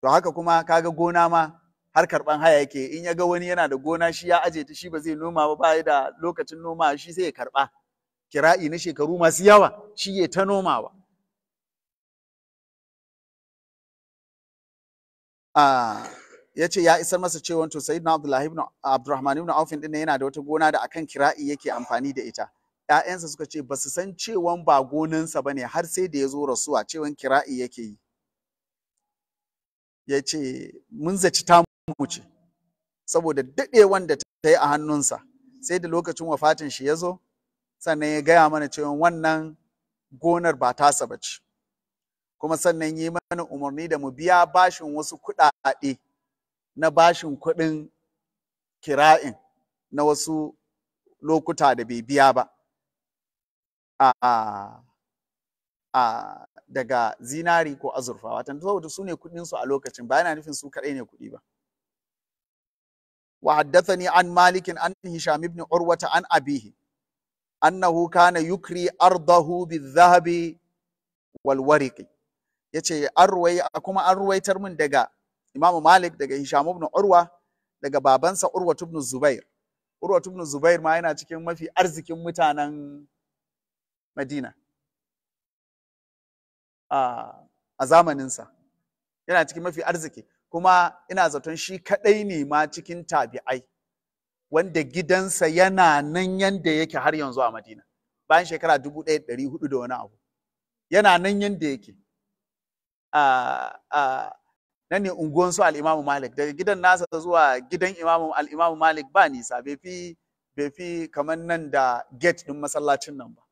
to haka kuma kaga gona ma har karban haya yake in ya ga wani yana da gona shi ya aje ta shi ba zai noma ba bai da lokacin noma shi sai ya karba kira'i na shekaru masu yawa shi ya ta nomawa a ah, ya ce ya isar masa cewa to sayyidina abdullahi ibn abdurrahman ibn auf din yana da wata gona da akan kira'i yake amfani da ita ƴaƴansa suka ce ba su san cewan ba gonansa ba ne har sai da ya zo rasuwa cewan kira'i yake yi ya ce mun zaci ta mu saboda daɗewan wanda ta yi a hannunsa sai da lokacin wafatin shi ya zo sannan ya gaya mana cewa wannan gonar ba tasa ba ce kuma sannan yi mana umarni da mu biya bashin wasu kuɗaɗe na bashin kuɗin kira'in na wasu lokuta da bai biya ba a a daga zinari ko azurfa watan saboda su ne kuɗinsu a lokacin ba yana nufin su kaɗai ne kuɗi ba wa ni an malikin an hisham ibn urwata an abihi annahu kana yukri ardahu bizahabi wal yace arwai kuma an ruwaitar min daga imamu malik daga hisham ibn urwa daga babansa urwa ibn zubair urwa ibn zubair ma yana cikin mafi arzikin mutanen madina a zamaninsa yana cikin mafi arziki kuma ina zaton shi kaɗai ne ma cikin tabi'ai wanda gidansa yana nan yanda yake har yanzu a madina bayan shekara dubu ɗaya ɗari hudu da wani abu yana nan yanda yake nan ne unguwansu al'imamu malik daga gidan nasa zuwa gidan imamu al'imamu malik ba nisa bai fi kamar nan da gate ɗin masallacin nan ba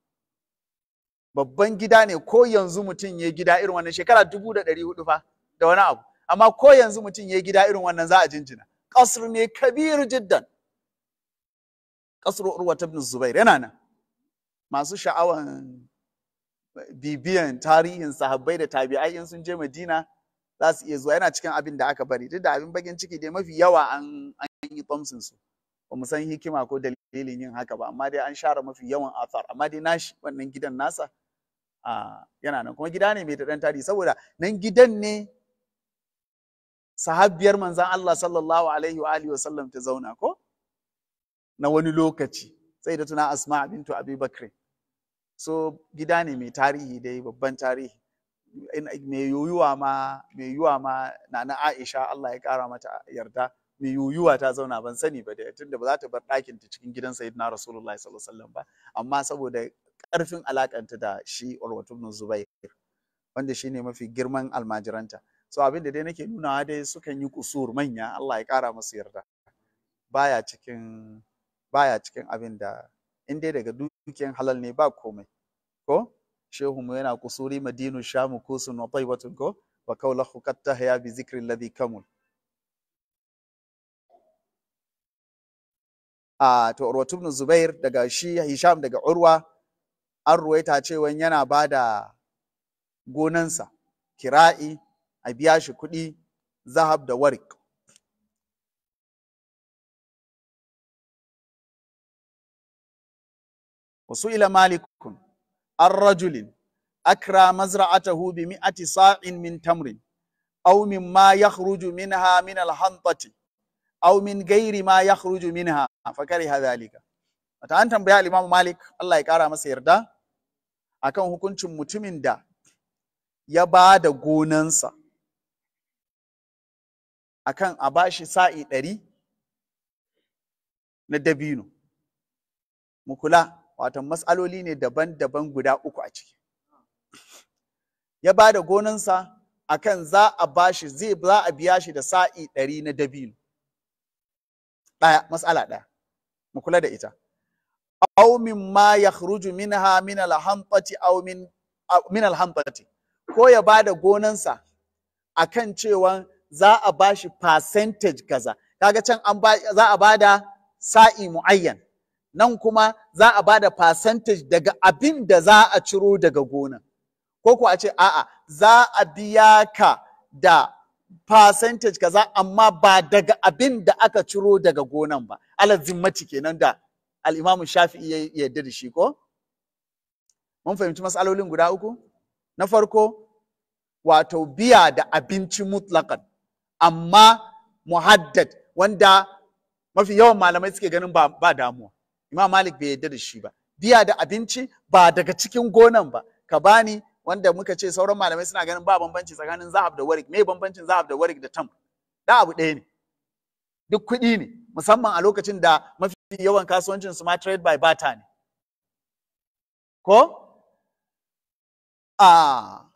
babban gida ne ko yanzu mutum ya gida irin wannan shekara dubu da ɗari hudu fa da wani abu amma ko yanzu mutum ya gida irin wannan za a jinjina kasr ne kabir jiddan kasr urwa ibn zubair yana nan masu sha'awan bibiyan tarihin sahabbai da tabi'ai in sun je madina za su iya zuwa yana cikin abin da aka bari duk da abin bakin ciki dai mafi yawa an yi tsamsin su ba mu san hikima ko dalilin yin haka ba amma dai an share mafi yawan athar amma dai nashi wannan gidan nasa yana nan kuma gida ne mai da dan tarihi saboda nan gidan ne sahabbiyar manzan Allah sallallahu alaihi wa alihi ta zauna ko na wani lokaci sai da tuna asma bintu abi bakri so gida ne mai tarihi dai babban tarihi mai yoyuwa ma mai yoyuwa ma nana Aisha Allah ya kara mata yarda mai yoyuwa ta zauna ban sani ba da tunda ba za ta bar ɗakin cikin gidan sayyidina rasulullahi sallallahu alaihi wasallam ba amma saboda ƙarfin alakanta da shi Urwatu ibn Zubair wanda shine mafi girman almajiranta so abin da dai nake wa dai sukan yi kusur manya Allah ya kara masu yarda baya cikin baya cikin abin da in dai daga dukiyan halal ne ba komai ko shehu mu yana kusuri madinu shamu kusun wa taibatun ko wa kaulahu qad bi zikri alladhi kamul a to urwatu ibn zubair daga shi hisham daga urwa an ruwaita cewa yana bada gonansa kira'i a biya shi kuɗi zahab da warik wasu ila malikun an rajulin akra mazra'atahu bi mi'ati sa'in min tamrin aw min ma yakhruju minha min al Aumin aw min ghairi ma yakhruju minha fa kariha dhalika wata an tambaya al-imam malik Allah ya kara masa yarda akan hukuncin mutumin da ya ba da gonansa akan a bashi sa'i ɗari na dabino mu kula watan matsaloli ne daban-daban guda uku a ciki ya ba da gonansa akan za a bashi zai za a biya shi da sa'i ɗari na dabino ɗaya matsala ɗaya mu kula da ita aw min ma yakhruju minha min al aw min min ko ya bada gonansa akan cewa za a ba shi percentage kaza kaga can an ba za a bada sa'i muayyan nan kuma za a ba da percentage daga abin da za a ciro daga gonan ko ku a ce a'a za a biya ka da percentage kaza amma ba daga abin da aka ciro daga gonan ba alal zimmati kenan da al shafi shafi'i ya yarda da shi ko mun fahimci matsalolin guda uku na farko wato biya da abinci mutlakan amma muhaddad wanda mafi yawan malamai suke ganin ba, ba damuwa imam malik bai yadda da shi ba biya da abinci ba daga cikin gonan ba ka bani wanda muka ce sauran malamai suna ganin ba bambanci tsakanin zahab da warik me bambancin zahab da warik da tam da abu ɗaya ne duk kuɗi ne musamman a lokacin da mafi yawan kasuwancin su ma trade by barter ne ko a ah.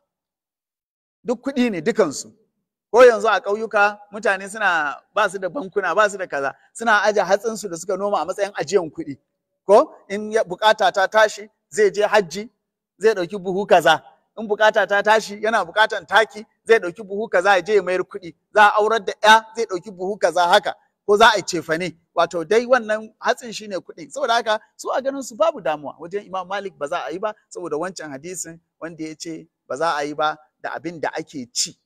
duk kuɗi ne dukansu ko yanzu a ƙauyuka mutane suna ba su da bankuna ba su da kaza suna aje hatsinsu da suka noma a matsayin ajiyan kuɗi ko in bukata ta tashi zai je hajji zai ɗauki buhu kaza in bukata ta tashi yana bukatan taki zai ɗauki buhu kaza ya je ya mayar kuɗi za a aurar da ya zai ɗauki buhu kaza haka ko za a ne wato dai wannan hatsin shine kuɗi saboda haka su a ganin su babu damuwa wajen imam malik ba za a yi ba saboda wancan hadisin wanda ya ce ba za a yi ba da abin da ake ci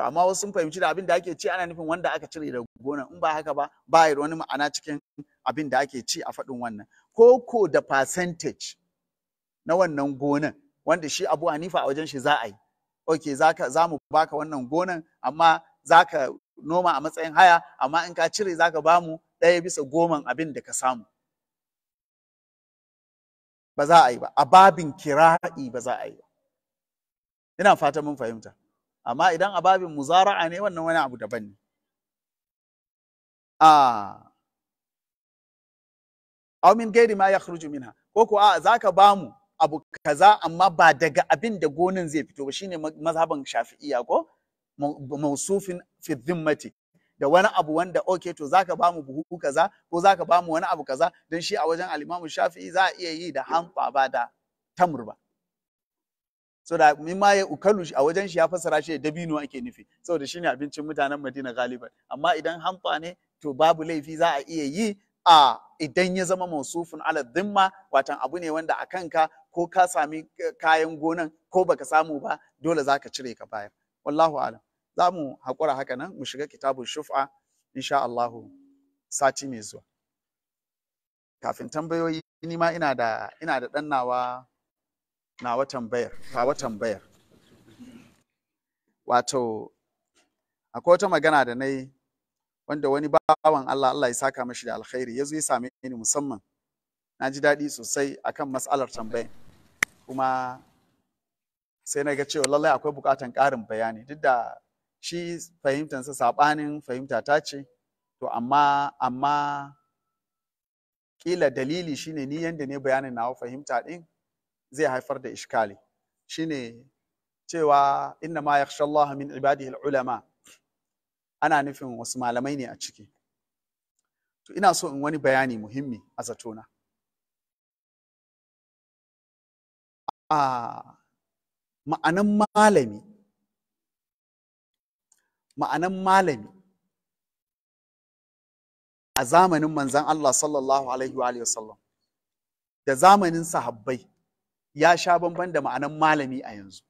to amma wasu sun fahimci da abin da ake ci ana nufin wanda aka cire da gonar in ba haka ba ba ya wani ma'ana cikin abin da ake ci a faɗin wannan ko ko da percentage na wannan gonan wanda shi Abu Hanifa a wajen shi za a yi Ok, zaka za mu baka wannan gonar, amma zaka noma a matsayin haya amma in ka cire zaka ba mu ɗaya bisa goman abin da ka samu ba za a yi ba a babin kira'i ba za a yi ba ina fata mun fahimta amma idan a babin muzara'a ne wannan wani abu daban ne a aw min gairi ma yakhruju minha ko ko a zaka bamu abu kaza amma ba daga abin da gonin zai fito ba shine mazhaban shafi'iya ko mausufin fi dhimmati da wani abu wanda okay to zaka bamu buhu kaza ko zaka bamu wani abu kaza don shi a wajen al Shafi'i za a iya yi da hanfa ba da tamur ba so da ma ya ukalu a wajen shi ya fassara shi da dabino ake nufi saboda shine abincin mutanen Madina galiban amma idan hamfa ne to babu laifi za a iya yi a idan ya zama mausufun ala dhimma watan abu ne wanda a ka ko ka sami eh, kayan gonan ko baka samu ba dole zaka cire ka bayar wallahu alam za mu haƙura haka nan mu shiga kitabun shuf'a insha Allah sati mai zuwa kafin tambayoyi ni ma ina da ina da dannawa na bayar tambayar watan tambayar wato akwai wata magana da na yi wanda wani bawan Allah Allah ya saka mashi da alkhairi ya zo ya same ni musamman na ji daɗi sosai akan matsalar tambayar kuma sai na ga cewa lallai akwai buƙatar ƙarin bayani duk da shi fahimtansa saɓanin fahimta ta ce to amma amma ƙila dalili shine ni yanda ne bayanin nawa fahimta ɗin zai haifar da iskali shine cewa inna ma yakhsha Allah min ibadihi ulama ana nufin wasu malamai ne a ciki to ina so in wani bayani muhimmi a zatona a ma'anan malami ma'anan malami a zamanin manzan Allah sallallahu alaihi wa sallam da zamanin sahabbai ya sha bamban da ma'anan malami a yanzu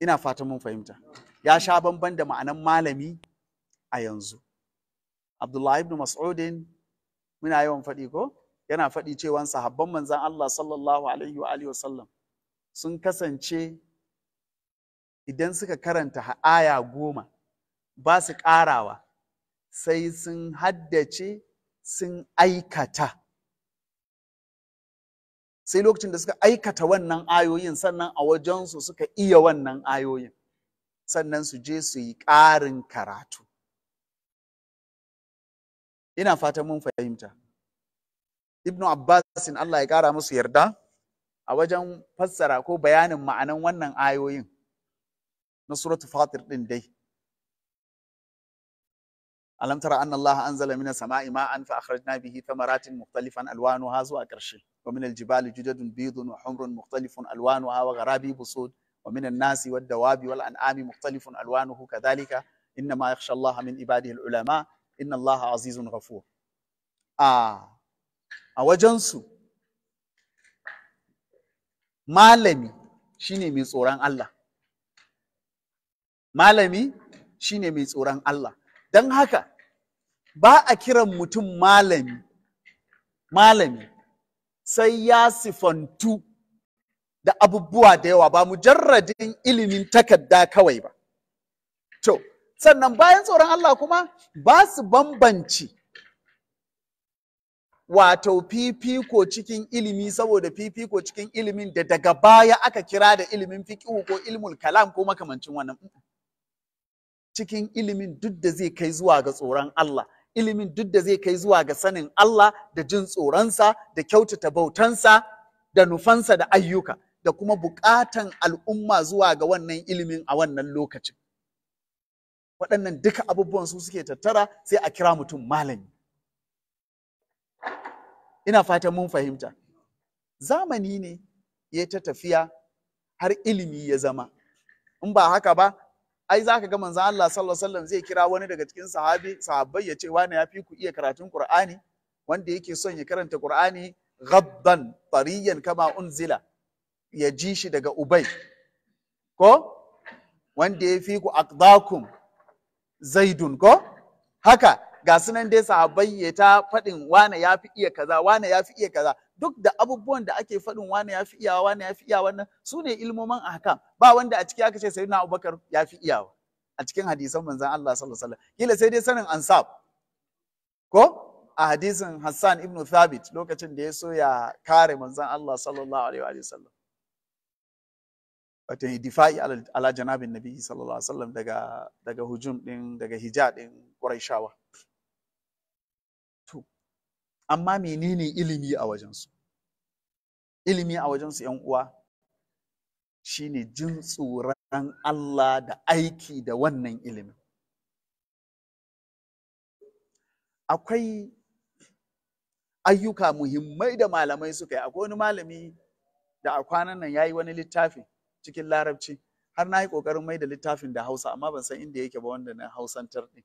ina fatan mun fahimta ya sha bamban da ma'anan malami a yanzu abdullahi ibn mas'udin muna yawan faɗi ko yana faɗi cewa sahabban manzan Allah sallallahu alaihi wa sallam sun kasance idan suka karanta aya goma ba su ƙarawa sai sun haddace sun aikata sai lokacin da suka aikata wannan ayoyin sannan a wajensu suka iya wannan ayoyin sannan su je su yi ƙarin karatu ina fatan mun fahimta ibnu in allah ya ƙara musu yarda a wajen fassara ko bayanin ma'anan wannan ayoyin na suratu fatir ɗin dai alam tara anna Allah anzala minas sama'i ma'an fa akhrajna bihi thamaratin mukhtalifan alwanuha zuwa karshe wa minal jibali judadun bidun wa humrun mukhtalifun alwanuha wa gharabi busud wa minan nasi wad dawabi wal an'ami mukhtalifun alwanuhu kadhalika inna ma yakhsha Allah min ibadihi ulama inna Allah azizun ghafur a a wajen su malami shine mai tsoron Allah malami shine mai tsoron Allah don haka ba a kiran mutum malami malami sai ya sifantu da abubuwa da yawa ba mujarradin ilimin takarda kawai ba to sannan bayan tsoron Allah kuma ba su bambanci wato fifiko cikin ilimi saboda fifiko cikin ilimin da daga baya aka kira da ilimin fiqihu ko ilmul kalam ko makamancin wannan cikin ilimin duk da zai kai zuwa ga tsoron Allah ilimin duk da zai kai zuwa ga sanin Allah da jin tsoronsa da kyautata bautansa da nufansa da ayyuka da kuma buƙatan al'umma zuwa ga wannan ilimin a wannan lokacin waɗannan duka abubuwan su suke tattara sai a kira mutum malami ina fatan mun fahimta zamani ne ya ta tafiya har ilimi ya zama in ba haka ba ai zaka ga manzon Allah sallallahu alaihi wasallam zai kira wani daga cikin sahabi sahabbai ya ce wani ya fi ku iya karatun Qur'ani wanda yake son ya karanta Qur'ani ghabban tariyan kama unzila ya ji shi daga Ubay ko wanda ya fi ku aqdakum zaidun ko haka ga sunan dai sahabbai ya ta faɗin wani ya fi iya kaza wani ya fi iya kaza duk da abubuwan da ake faɗin wani ya fi iyawa wani ya fi iyawa wannan su ne ilmomin ahkam ba wanda a ciki aka ce sayyidina abubakar ya fi iyawa a cikin hadisan manzon Allah sallallahu alaihi wasallam kila sai dai sanin ansab ko a hadisin Hassan ibn Thabit lokacin da ya so ya kare manzon Allah sallallahu alaihi wasallam wato difa'i ala janabin nabi sallallahu alaihi wasallam daga daga hujum din daga hijab din Qurayshawa amma menene ilimi a wajensu ilimi a wajensu yan uwa shine jin tsoron Allah da aiki da wannan ilimin akwai ayyuka muhimmai da malamai suka yi akwai wani malami da a kwanan nan ya yi wani littafi cikin larabci har na yi ƙoƙarin mai da littafin da hausa amma ban san inda yake ba wanda na hausantar ɗin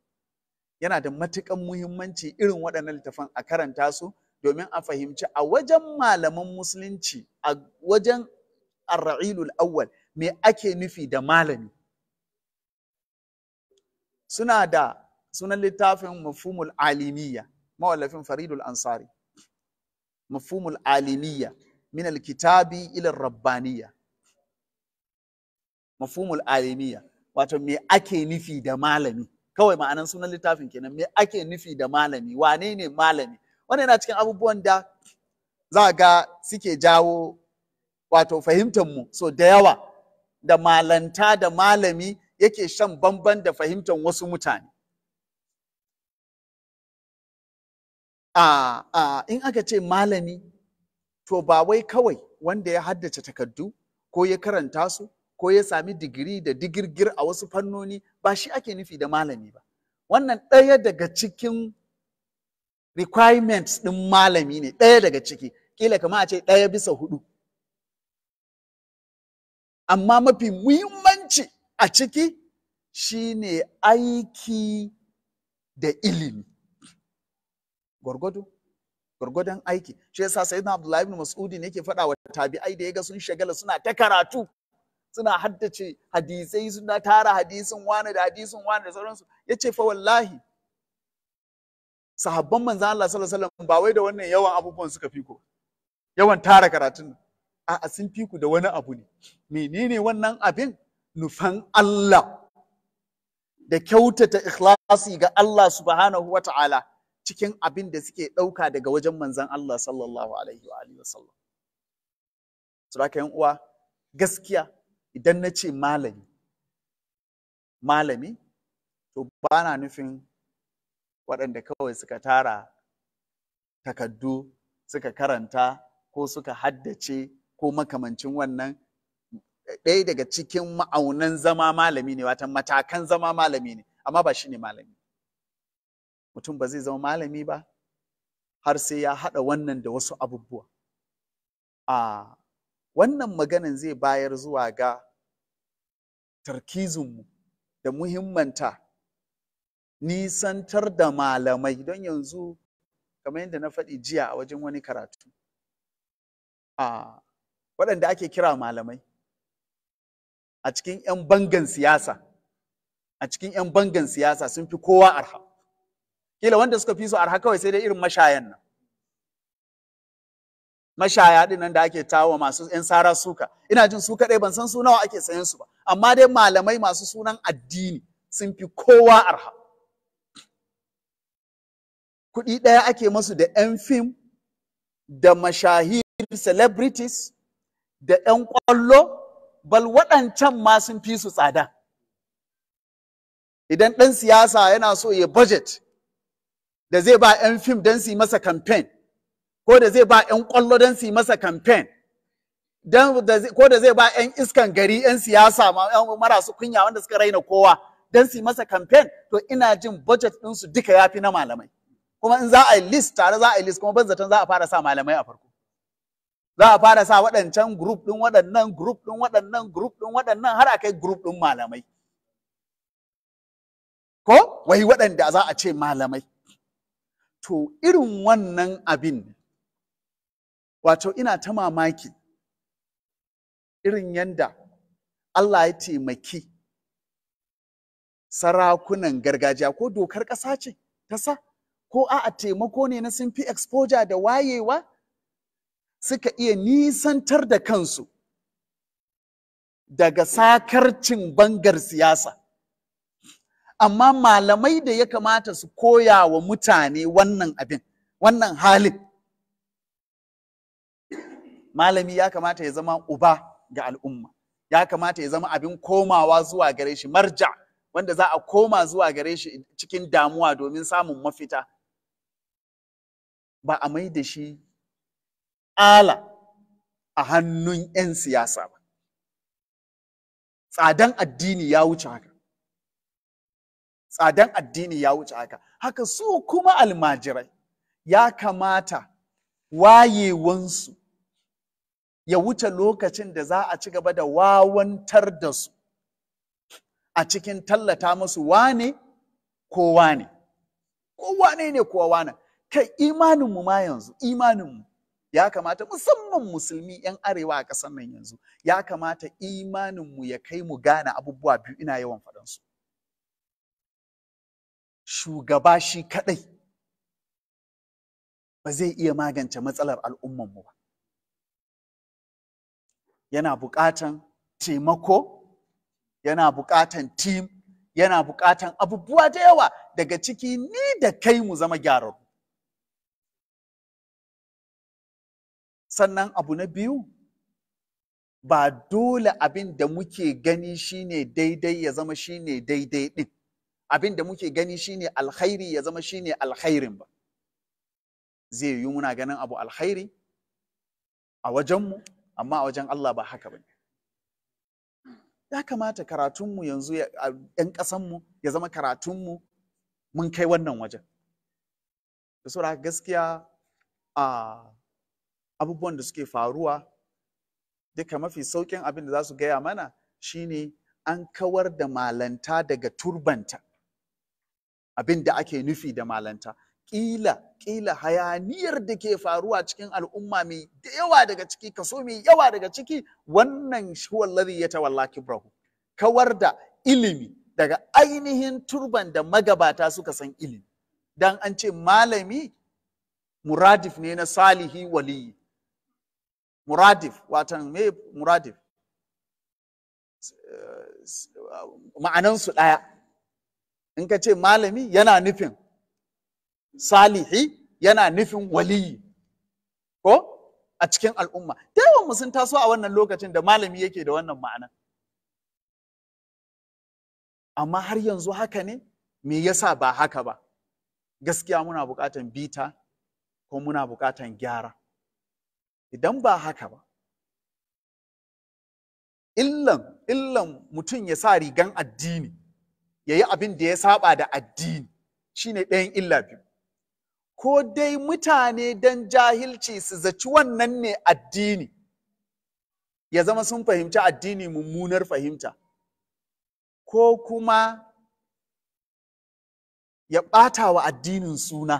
yana da matukan muhimmanci irin waɗannan littafan a karanta su domin a fahimci a wajen malaman musulunci a wajen arra'ilul awwal me ake nufi da malami suna da sunan littafin mafhumul alimiyya mawallafin faridul ansari mafhumul alimiyya min alkitabi ila rabbaniyya mafhumul alimiyya wato me ake nufi da malami kawai ma'anan sunan littafin kenan me ake nufi da malami wane ne malami Wani yana cikin abubuwan da za ga suke jawo wato fahimtar mu so da yawa da malanta da malami yake shan bamban da fahimtar wasu mutane a a in aka ce malami to ba wai kawai wanda ya haddace takardu ko ya karanta su ko ya sami digiri da digirgir a wasu fannoni ba shi ake nufi da malami ba wannan ɗaya daga cikin requirements ɗin malami ne ɗaya daga ciki Ƙila kama a ce ɗaya bisa hudu amma mafi muhimmanci a ciki shine aiki da ilimi gwargwado gwargwadon aiki shi yasa sayyidina abdullahi ibn mas'udi ne yake faɗa wa tabi'ai da ya ga sun shagala suna ta karatu suna haddace hadisai suna tara hadisin wani da hadisin wani da sauransu ya ce fa wallahi sahabban manzan Allah sallallahu alaihi wasallam ba wai da wannan yawan abubuwan suka fiko yawan tara karatun a'a sun fiko da wani abu ne menene wannan abin nufan Allah da kyautata ikhlasi ga Allah subhanahu wa ta'ala cikin abin da suke ɗauka daga wajen manzan Allah sallallahu alaihi wa alihi wasallam. So yan uwa gaskiya idan na ce malami malami to ba na nufin waɗanda kawai suka tara takaddu suka karanta ko suka haddace ko makamancin wannan ɗaya daga cikin ma'aunan zama malami ne watan matakan zama malami ne amma ba shi ne malami mutum ba zai zama malami ba har sai ya haɗa wannan da wasu abubuwa a ah, wannan maganan zai bayar zuwa ga tarkizinmu da muhimmanta nisantar da malamai don yanzu kamar yadda na faɗi jiya a wajen wani karatu a waɗanda ake kira malamai a cikin 'yan bangan siyasa a cikin 'yan bangan siyasa sun fi kowa arha kila wanda suka fi su arha kawai sai dai irin mashayan nan mashaya din da ake tawa masu 'yan sara suka ina jin su kaɗai ban san su nawa ake sayan su ba amma dai malamai masu sunan addini sun fi kowa arha kuɗi ɗaya ake masu da 'yan fim da mashahir celebrities da 'yan ƙwallo bal waɗancan ma sun fi su tsada idan ɗan siyasa yana so ya budget da zai ba 'yan fim don su yi masa kamfen, ko da zai ba 'yan ƙwallo don su yi masa campaign ko da zai ba 'yan iskan gari 'yan siyasa ma 'yan marasu kunya wanda suka raina kowa don su yi masa kamfen to ina jin budget ɗinsu duka ya fi na malamai kuma in za a yi list tare za a yi list kuma ban zaton za a fara sa malamai a farko za a fara sa waɗancan group ɗin waɗannan group ɗin waɗannan group ɗin waɗannan har a kai group ɗin malamai ko wai waɗanda za a ce malamai to irin wannan abin wato ina ta mamaki irin yanda Allah ya taimaki sarakunan gargajiya ko dokar ƙasa ce ta sa ko a taimako ne na sun fi exposure da wayewa suka iya nisantar da kansu daga sakarcin bangar siyasa amma malamai da ya kamata su koya wa mutane wannan abin wannan halin malami ya kamata ya zama uba ga al'umma ya kamata ya zama abin komawa zuwa gare shi marja wanda za a koma zuwa gare shi cikin damuwa domin samun mafita ba a mai da shi ala a hannun 'yan siyasa ba tsadan addini ya wuce haka tsadan addini ya wuce haka haka su kuma almajirai ya kamata wayewansu ya wuce lokacin da za a ci gaba da wawantar da su a cikin tallata musu wane ko wane ko wane ne ko wane kai imaninmu ma yanzu imaninmu ya kamata musamman musulmi 'yan arewa a ƙasar nan yanzu ya kamata imaninmu ya kai mu gane abubuwa biyu ina yawan faɗansu shugaba shi kaɗai ba zai iya magance matsalar mu ba yana buƙatan taimako yana buƙatan team yana buƙatan abubuwa da yawa daga ciki ni da kai mu zama gyararru sannan abu na biyu ba dole abin da muke gani shine daidai ya zama shine daidai ɗin abin da muke gani shine alkhairi ya zama shine alkhairin ba zai yi muna ganin abu alkhairi a wajenmu amma a wajen Allah ba haka ba ya kamata karatunmu yanzu ‘yan ƙasanmu ya zama karatunmu mun kai wannan wajen. Da saura gaskiya a abubuwan da suke faruwa duka mafi sauƙin abin da za su gaya mana shine an kawar da malanta daga turbanta abin da ake nufi da malanta ƙila ƙila hayaniyar da ke faruwa cikin al'umma mai da yawa daga ciki kaso mai yawa daga ciki wannan shi wallazi ya kibrahu kawar da ilimi daga ainihin turban da magabata suka san ilimi dan an ce malami muradif ne na salihi waliyi muradif watan me muradif eh, ma'anansu ɗaya in ka ce malami yana nufin salihi yana nufin waliyi ko a cikin al'umma da yawan sun taso a wannan lokacin da malami yake da wannan ma'ana amma har yanzu haka ne me yasa ba haka ba gaskiya muna buƙatan bita ko muna buƙatan gyara idan ba haka ba illan illan mutum ya sa rigan addini ya yi abin da ya saba da addini shine ɗayan illa biyu ko dai mutane don jahilci su zaci wannan ne addini ya zama sun fahimci addini mummunar fahimta ko kuma ya ɓata wa addinin suna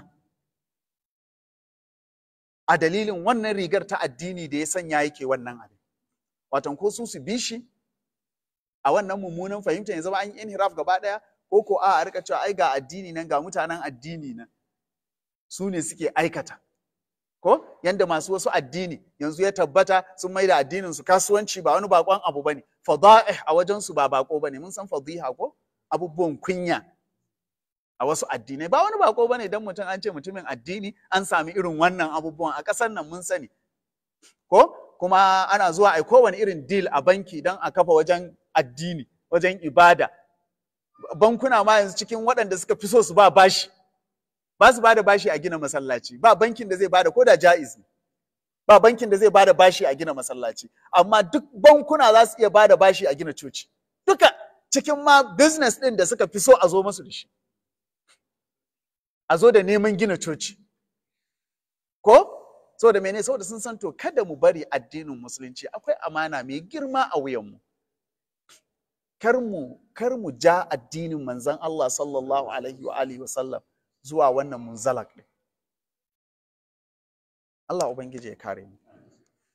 a dalilin wannan rigar ta addini da ya sanya yake wannan abin watan ko su su bi shi a wannan mummunan fahimta ya zama an yi inhiraf gaba ɗaya ko ko a rika cewa ai ga addini nan ga mutanen addini nan su ne suke aikata ko yanda masu wasu addini yanzu ya tabbata sun maida addinin su kasuwanci ba wani bakon abu ba ne. fada'ih a wajensu ba bako ba ne mun san fadiha ko abubuwan kunya a wasu addinai ba wani bako ba ne don mutum an ce mutumin addini an sami irin wannan abubuwan a ƙasar nan mun sani ko kuma ana zuwa ai kowane irin deal a banki don a kafa wajen addini wajen ibada bankuna ma yanzu cikin waɗanda suka fi so su ba bashi ba su bada bashi a gina masallaci ba bankin da zai bada ko da jaiz ne ba bankin da zai bada bashi a gina masallaci amma duk bankuna za su iya bada bashi a gina coci duka cikin ma business din da suka fi so a zo musu da shi a zo da neman gina coci ko da mene saboda sun san to kada mu bari addinin musulunci akwai amana mai girma a wuyanmu kar mu kar mu ja addinin manzon Allah sallallahu alaihi wa alihi wa sallam zuwa wannan munzalak ɗin. Allah Ubangiji ya kare mu.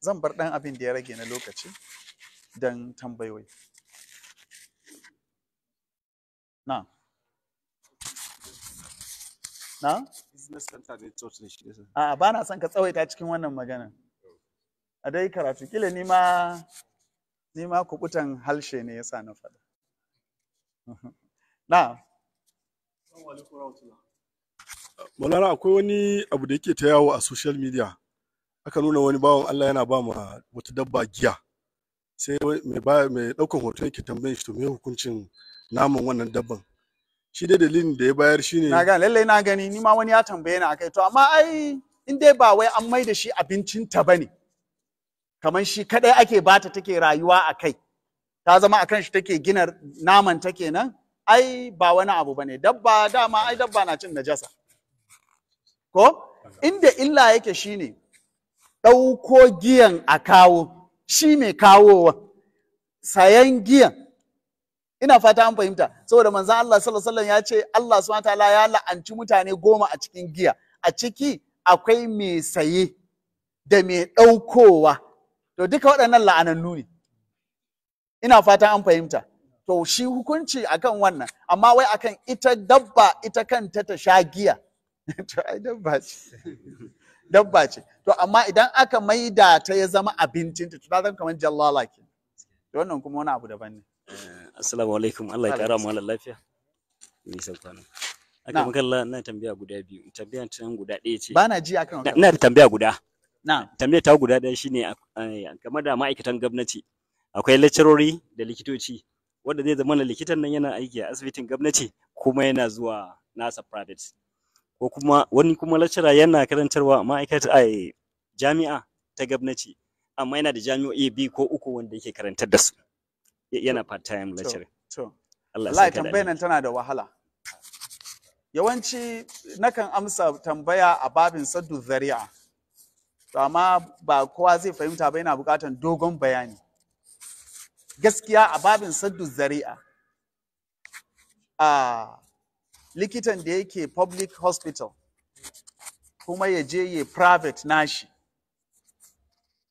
Zan bar ɗan abin da ya rage na lokaci don tambayoyi. Na. Na? A ba na son ka tsawaita cikin wannan magana. A dai karatu, kila nima kubutan halshe ne ya sa na faɗa. Na. Maulana akwai wani abu da yake ta yawo a social media aka nuna wani bawan Allah yana ba ma wata dabba giya sai mai ɗaukan hoton yake tambayin shi to me hukuncin naman wannan dabban shi dai dalilin da ya bayar shine na ga lallai na gani ni ma wani ya tambaye ni akai to amma ai in dai ba wai an mai da shi abincin ta bane kamar shi kadai ake bata take rayuwa a kai ta zama akan shi take gina naman ta kenan ai ba wani abu bane dabba dama ai dabba na cin najasa ko inda illa yake shine ɗauko giyan a kawo shi mai kawowa sayan giyan ina fata an fahimta saboda manzon Allah sallallahu alaihi ya ce Allah subhanahu wataala ya la'anci mutane goma a cikin giya a ciki akwai mai saye da mai ɗaukowa to duka waɗannan la'anannu ne ina fata an fahimta to shi hukunci akan wannan amma wai akan ita dabba ita kanta ta sha giya to ai dabba ce dabba ce to amma idan aka maida ta ya zama abincin ta to ta zama kamar jallala ke to wannan kuma wani abu daban ne eh, assalamu alaikum Allah ya kara mu lafiya ni san kwana aka makalla na tambaya guda biyu tambayan ta guda ɗaya ce bana ji akan ina da tambaya guda na tambaya ta guda ɗaya shine eh, game da ma'aikatan gwamnati akwai lecturer da likitoci wanda zai zama likitan nan yana aiki a asibitin gwamnati kuma yana zuwa nasa private ko kuma wani kuma lecturer yana karantarwa a ma'aikata a jami'a ta gwamnati amma yana da jami'o'i bi ko uku wanda yake karantar da su yana part time lecturer to Allah ya tambayar nan tana da wahala yawanci nakan amsa tambaya a babin saddu zari'a to amma ba kowa zai fahimta ba yana bukatan dogon bayani gaskiya a babin saddu zari'a a ah, likitan da yake public hospital kuma ya je ya private nashi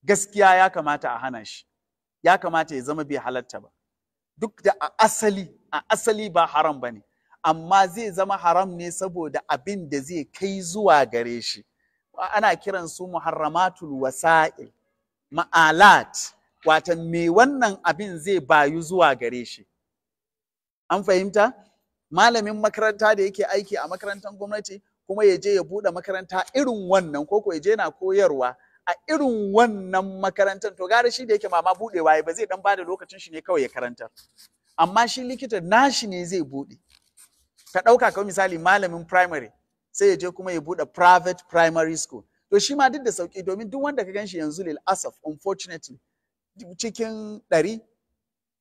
gaskiya ya kamata a hana shi ya kamata ya zama bai halatta ba duk da a asali a asali ba haram ba ne amma zai zama haram ne saboda abin da zai kai zuwa gare shi ana kiran su muharramatul wasa'il ma'alat wata me wannan abin zai bayu zuwa gare shi an fahimta malamin makaranta da yake aiki a makarantar gwamnati kuma ya je ya buɗe makaranta irin wannan ko ko ya je na koyarwa a irin wannan makarantar to gara shi da yake mama buɗewa ba zai dan bada lokacin shi ne kawai ya karanta amma shi likita nashi ne zai buɗe ka ɗauka kawai misali malamin primary sai ya je kuma ya buɗe private primary school to shi ma duk da sauki domin duk wanda ka ganshi yanzu lil asaf unfortunately cikin ɗari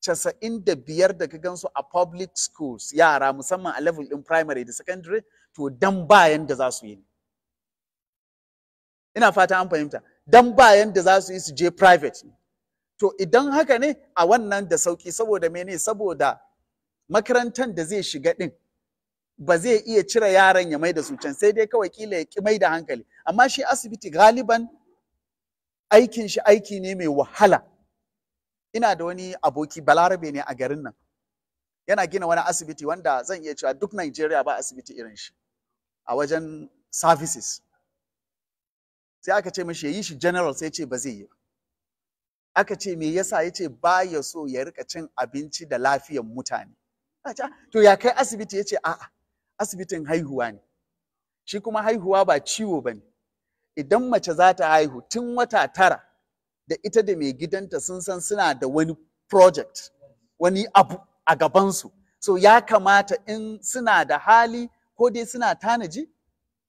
casa'in da biyar da ka gansu a public schools yara musamman a level ɗin primary da secondary to dan bayan da za su yi ina fata an fahimta dan bayan da za su yi su je private to idan haka ne a wannan da sauki saboda mene saboda makarantar da zai shiga ɗin ba zai iya cire yaran ya mai da su can sai dai kawai kila ya ki mai da hankali amma shi asibiti galiban aikin shi aiki ne mai wahala ina da wani aboki balarabe ne a garin nan yana gina wani asibiti wanda zan iya cewa duk Najeriya ba asibiti irin shi a wajen services sai aka ce mashi yi shi general sai ce ba zai yi aka ce me yasa ya ce ba ya so ya rika cin abinci da lafiyar mutane ah, to ya kai asibiti ya ce a'a asibitin haihuwa ne shi kuma haihuwa ba ciwo ba ne idan mace za ta haihu tun wata tara da ita da mai gidanta sun san suna da wani project wani abu a gabansu so ya kamata in suna da hali ko dai suna tanaji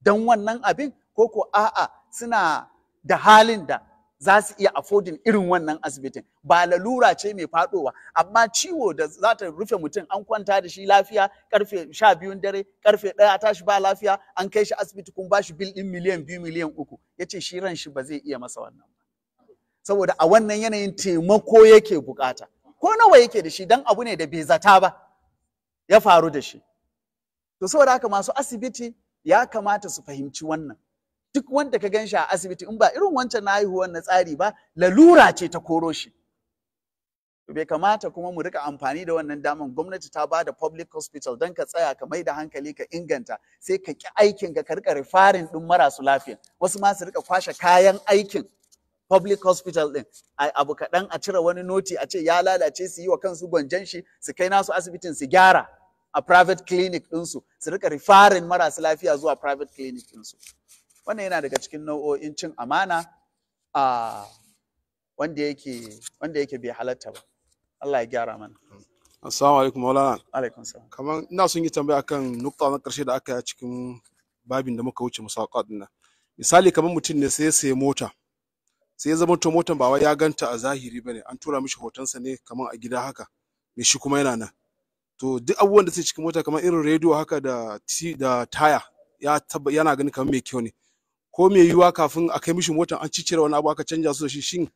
don wannan abin ko ko a'a suna da halin da za su iya affordin irin wannan asibitin ba lalura ce mai faɗowa. amma ciwo da za ta rufe mutum an kwanta da shi lafiya karfe sha biyun dare karfe ɗaya tashi ba lafiya an kai shi asibiti kun ba shi bil ɗin miliyan biyu miliyan uku ya ce shi ran shi ba zai iya masa wannan saboda a wannan yanayin taimako yake bukata ko nawa yake da shi dan abu ne da bai zata ba ya faru da shi to saboda haka masu asibiti ya kamata su fahimci wannan duk wanda ka gan shi a asibiti in ba irin wancan na haihuwar na tsari ba lalura ce ta koro shi bai kamata kuma mu rika amfani da wannan daman gwamnati ta bada public hospital don ka tsaya ka mai da hankali ka inganta sai ka ki aikin ka rika rifarin din marasu lafiya wasu ma su rika kwashe kayan aikin public hospital din abu kaɗan a cire wani noti a ce ya lalace su yi wa kansu gwanjan shi su kai nasu asibitin su gyara a private clinic ɗinsu su rika rifarin marasa lafiya zuwa private clinic ɗinsu wannan yana daga cikin nau'o'in cin amana a wanda yake wanda yake bai halatta ba Allah ya gyara mana assalamu alaikum maulana alaikum salam kamar ina son yi tambaya akan nukta na karshe da aka yi a cikin babin da muka wuce musaka ɗin nan misali kamar mutum ne sai ya sayi mota sai ya zama to motan ba wai ya ganta a zahiri bane an tura mishi hotonsa ne kaman a gida haka me shi kuma yana nan to duk abubuwan da suke cikin mota kamar irin rediyo haka da da taya ya yana gani kamar mai kyau ne ko me yiwuwa kafin a kai mishi motan an cicire wani abu aka canja su da shi shin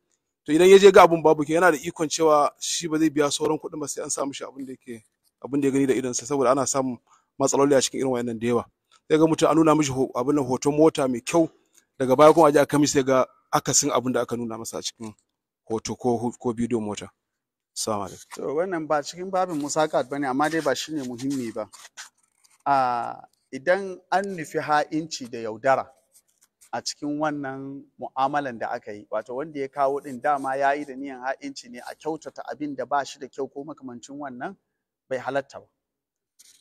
to idan ya je ga abun babu ke yana da ikon cewa shi ba zai biya sauran kuɗin ba sai an sa mishi abin da yake abin da ya gani da idonsa saboda ana samun matsaloli a cikin irin wayannan da yawa sai ga mutum an nuna mishi abin nan hoton mota mai kyau daga baya kuma a je a kai mishi sai ga akasin abin da aka nuna masa a cikin hoto ko bidiyo mota assalamu alaikum to wannan ba cikin babin musakat bane amma dai ba shine muhimmi ba a idan an nufi ha'inci da yaudara a cikin wannan mu'amalan da aka yi wato wanda ya kawo din dama ya yi da niyan ha'inci ne a kyautata abin da ba shi da kyau ko makamancin wannan bai halatta ba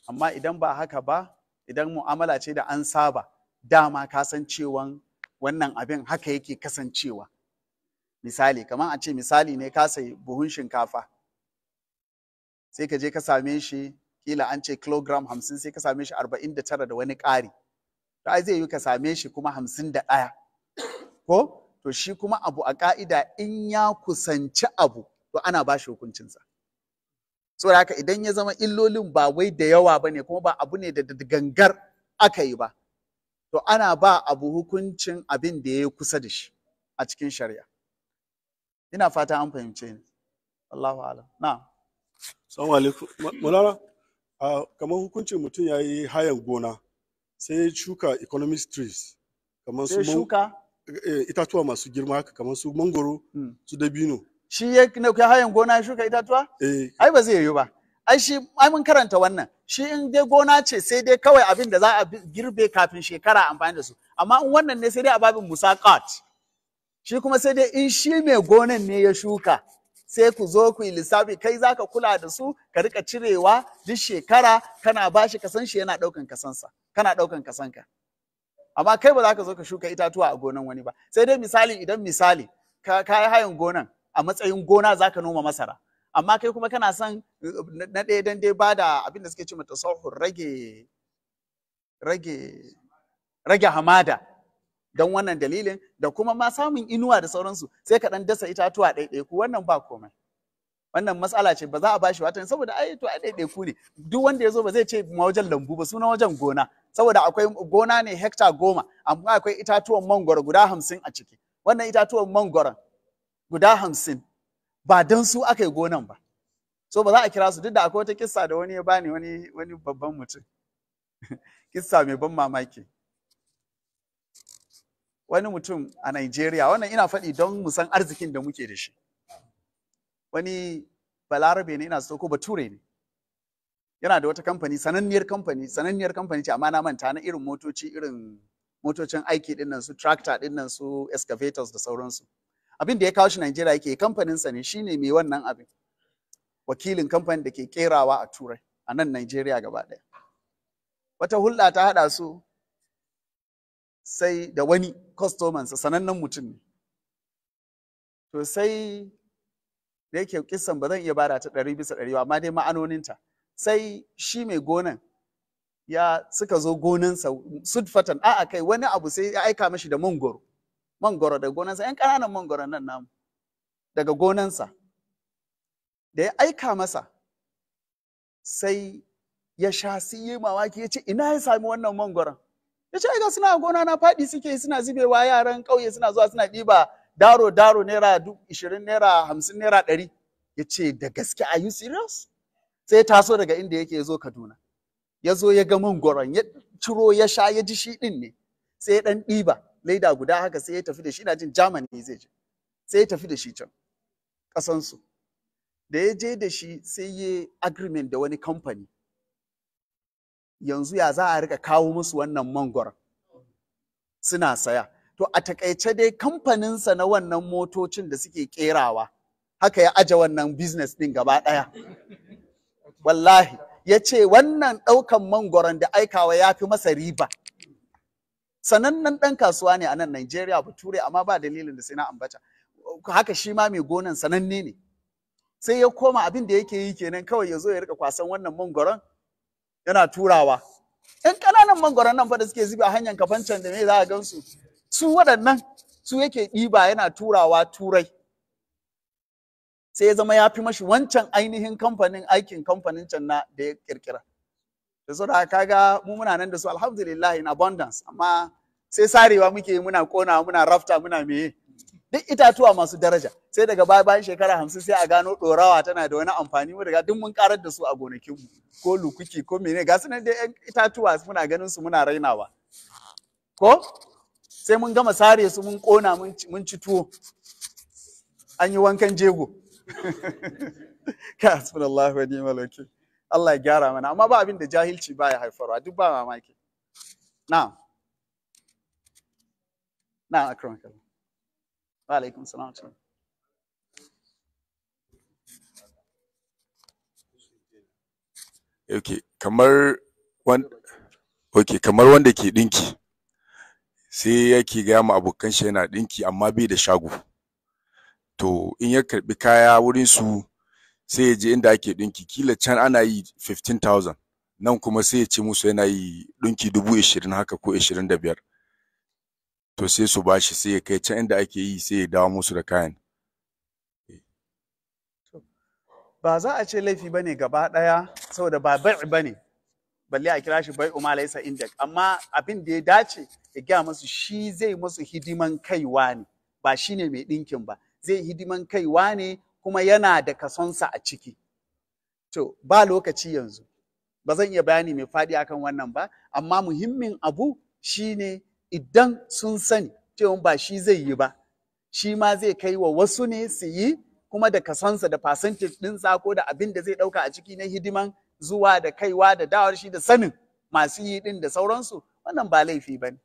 amma idan ba haka ba idan mu'amala ce da an saba dama ka cewan wannan abin haka yake kasancewa misali kamar a ce misali ne ka sayi buhun shinkafa sai ka je ka same shi kila an ce kilogram hamsin sai ka same shi arba'in da tara da wani ƙari to ai zai yi ka same shi kuma hamsin da ɗaya ko to shi kuma abu a ƙa'ida in ya kusanci abu to ana ba shi hukuncinsa saboda haka idan ya zama illolin ba wai da yawa ba ne kuma ba abu ne da gangar aka yi ba to ana ba abu hukuncin abin da ya yi kusa da shi a cikin shari'a ina fata an fahimce ni Allahu alam Na. assalamu alaikum mulana kamar hukuncin mutum ya yi hayan gona sai ya shuka economic trees kamar su shuka eh, itatuwa masu girma haka kamar su mangoro hmm. su dabino shi ya hayan gona ya shuka itatuwa Eh. ai ba zai yiwu ba ai shi ai mun karanta wannan shi in dai gona ce sai dai kawai abin da za a girbe kafin shekara amfani da su amma in wannan ne sai dai ababin musaqat shi kuma sai dai in shi mai gonan ne ya shuka sai ku zo ku yi lissafi kai zaka kula da su ka rika cirewa duk shekara kana bashi kasan shi yana daukan kasansa kana daukan kasanka amma kai ba za ka zo ka shuka itatuwa a gonan wani ba sai dai misali idan misali ka yi hayan gonan a matsayin gona zaka noma masara amma kai kuma kana son na ɗaya don dai ba da abin da suke ce mata tsohon rage rage rage hamada don wannan dalilin da kuma ma samun inuwa da sauransu sai ka ɗan dasa itatuwa ɗaiɗaiku wannan ba komai wannan matsala ce ba za a bashi watan saboda ai to ai ɗaiɗaiku ne duk wanda ya zo ba zai ce ma wajen lambu ba suna wajen gona saboda akwai gona ne hekta goma amma akwai itatuwan mangoro guda hamsin a ciki wannan itatuwan mangoron guda hamsin ba don su aka yi gonan ba so ba za a kira su duk da akwai wata kissa da wani ya bani wani wani babban mutum kissa mai ban mamaki wani mutum a Najeriya, wannan ina faɗi don mu san arzikin da muke da shi wani balarabe ne ina so ko bature ne yana da wata kamfani sananniyar kamfani sananniyar kamfani ce amma na manta na irin motoci irin motocin aiki dinnan su tractor dinnan su excavators da sauransu abin da ya kawo shi Najeriya yake kamfanin sa ne shine mai wannan abin wakilin kamfanin da ke kerawa a Turai a nan Najeriya gaba ɗaya wata hulɗa ta haɗa su sai da wani customer sa sanannen mutum ne to sai da yake kissan ba zan iya bada ta ɗari bisa ɗari ba amma dai ma'anoninta sai shi mai gonan ya suka zo gonansa sudfatan a'a kai wani abu sai ya aika mashi da mangoro mangoro daga gonansa yan ƙananan mangoron nan namu daga gonansa da ya aika masa sai ya sha sai yi mawaki ya ce ina ya sami wannan mangoron ya ce ga suna gona na faɗi suke suna zubewa yaran ƙauye suna zuwa suna ɗiba daro daro naira duk ishirin naira hamsin naira ɗari ya ce da gaske are you serious sai ya taso daga inda yake ya zo kaduna ya zo ya ga mangoron ya ciro ya sha ya ji shi ɗin ne sai ya ɗan ɗiba leda guda haka sai ya tafi da shi ina jin Germany zai je sai ya tafi da shi can ƙasansu da ya je da shi sai ya agreement da wani kamfani yanzu ya za a rika kawo musu wannan mangwar suna saya to a takaice dai kamfaninsa na wannan motocin da suke ƙerawa, haka ya aje wannan business ɗin gaba ɗaya wallahi ya ce wannan ɗaukan mangwaron da aikawa ya fi masa riba sanannen ɗan kasuwa ne a nan Najeriya bature amma ba dalilin da sai na ambata haka shi ma mai gonan sananne ne sai ya koma abin da yake yi kenan kawai ya zo ya rika kwasan wannan mangoron yana turawa yan ƙananan mangoron nan fa da suke zuba hanyar kafancan da me za a gansu su waɗannan su yake ɗiba yana turawa turai sai ya zama ya fi mashi wancan ainihin kamfanin aikin kamfanin can na da ya ƙirƙira da saboda kaga mu muna nan da su alhamdulillah in abundance amma sai sarewa muke muna kona muna rafta muna meye duk itatuwa masu daraja sai daga baya bayan shekara hamsin sai a gano dorawa tana da wani amfani mu daga duk mun karar da su a gonakin mu ko lukuki ko mene ga su nan dai itatuwa muna ganin su muna rainawa ko sai mun gama sare su mun kona mun ci tuwo an yi wankan jego ka asbunallahu wa ni'mal wakil Allah ya gyara mana amma ba abin da jahilci ya haifarwa duk ba mamaki na na akram kallah wa alaikum salam okay kamar wanda okay kamar wanda ke dinki sai yake ga mu abokan shi yana dinki amma bai da shago to in ya karbi kaya wurin su sai ya je inda ake ɗinki kila can ana yi 15,000 nan kuma sai ya ce musu yana yi ɗinki dubu ishirin haka ko ishirin biyar to sai su bashi sai ya kai can inda ake yi sai ya dawo musu da kayan eh. ba za a ce laifi ba ne gaba ɗaya saboda ba bai ba ne balle a kira shi bai umar laisa inda amma abin da ya dace ya gaya musu shi zai masu hidiman kaiwa ne ba shi ne mai ɗinkin ba zai hidiman kaiwa ne kuma yana da kasonsa a ciki. To, ba lokaci yanzu, ba zan iya bayani mai faɗi akan wannan ba, amma muhimmin abu shi ne idan sun sani cewa ba shi zai yi ba, shi ma zai kai wa wasu ne su yi kuma da kasonsa da percentage ɗinsa ko da abin da zai ɗauka a ciki na hidiman zuwa da kaiwa da dawar shi da sanin masu yi ɗin da sauransu, wannan ba laifi ba ne.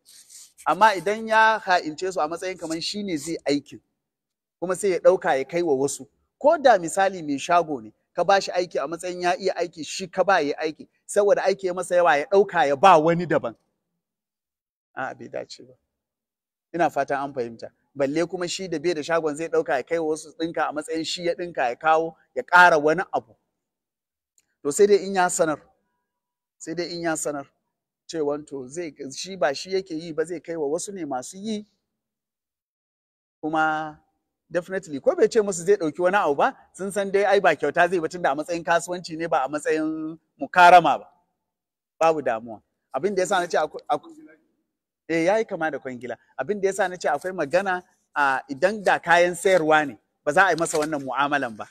Amma idan ya ha'ince su a matsayin kamar shi ne zai aiki kuma sai ya ɗauka ya kai wa wasu. ko da misali mai shago ne ka ba shi aiki a matsayin ya iya aiki shi ka ba ya aiki saboda aiki ya masa yawa ya ɗauka ya ba wani daban a bai dace ba ina fatan an fahimta balle kuma shi da bai da shagon zai ɗauka ya kai wasu ɗinka a matsayin shi ya ɗinka ya kawo ya ƙara wani abu to sai dai in ya sanar sai dai in ya sanar cewan to zai shi ba shi yake yi ba zai kai wa wasu ne masu yi kuma definitely ko bai ce musu zai dauki wani abu ba sun san dai ai ba kyauta zai ba tunda a matsayin kasuwanci ne ba a matsayin mukarama ba babu damuwa abin da yasa na ce eh yayi kama da kwangila abin da yasa na ce akwai magana a idan da kayan sayarwa ne ba za a yi masa wannan mu'amalan ba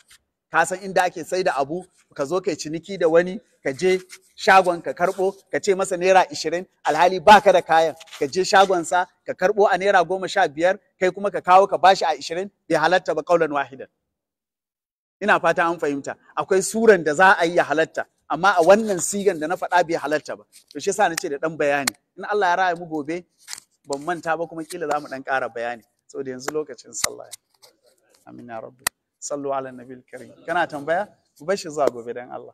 ka san inda ake sai da abu ka zo kai ciniki da wani ka je shagon ka karbo ka ce masa naira ishirin alhali baka da kayan ka je shagon sa ka karbo a naira goma sha biyar kai kuma ka kawo ka bashi a ishirin bai halatta ba kaulan wahidan ina fata an fahimta akwai suran da za a yi ya halatta amma a wannan sigan da na faɗa bai halatta ba to shi yasa na ce da dan bayani in Allah ya raya mu gobe ban manta ba kuma kila za mu ɗan ƙara bayani saboda yanzu lokacin sallah amin ya rabbi sallu ala nabi karim kana tambaya shi za gobe dan Allah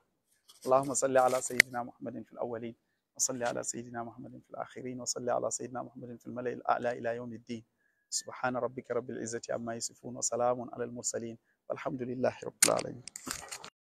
Allahumma salli ala sayyidina Muhammadin fil awwalin wa salli ala sayyidina Muhammadin fil akhirin ala sayyidina Muhammadin fil mala'il a'la ila yawmiddin subhana rabbika rabbil izzati amma yasifun wa salamun ala al mursalin walhamdulillahi rabbil alamin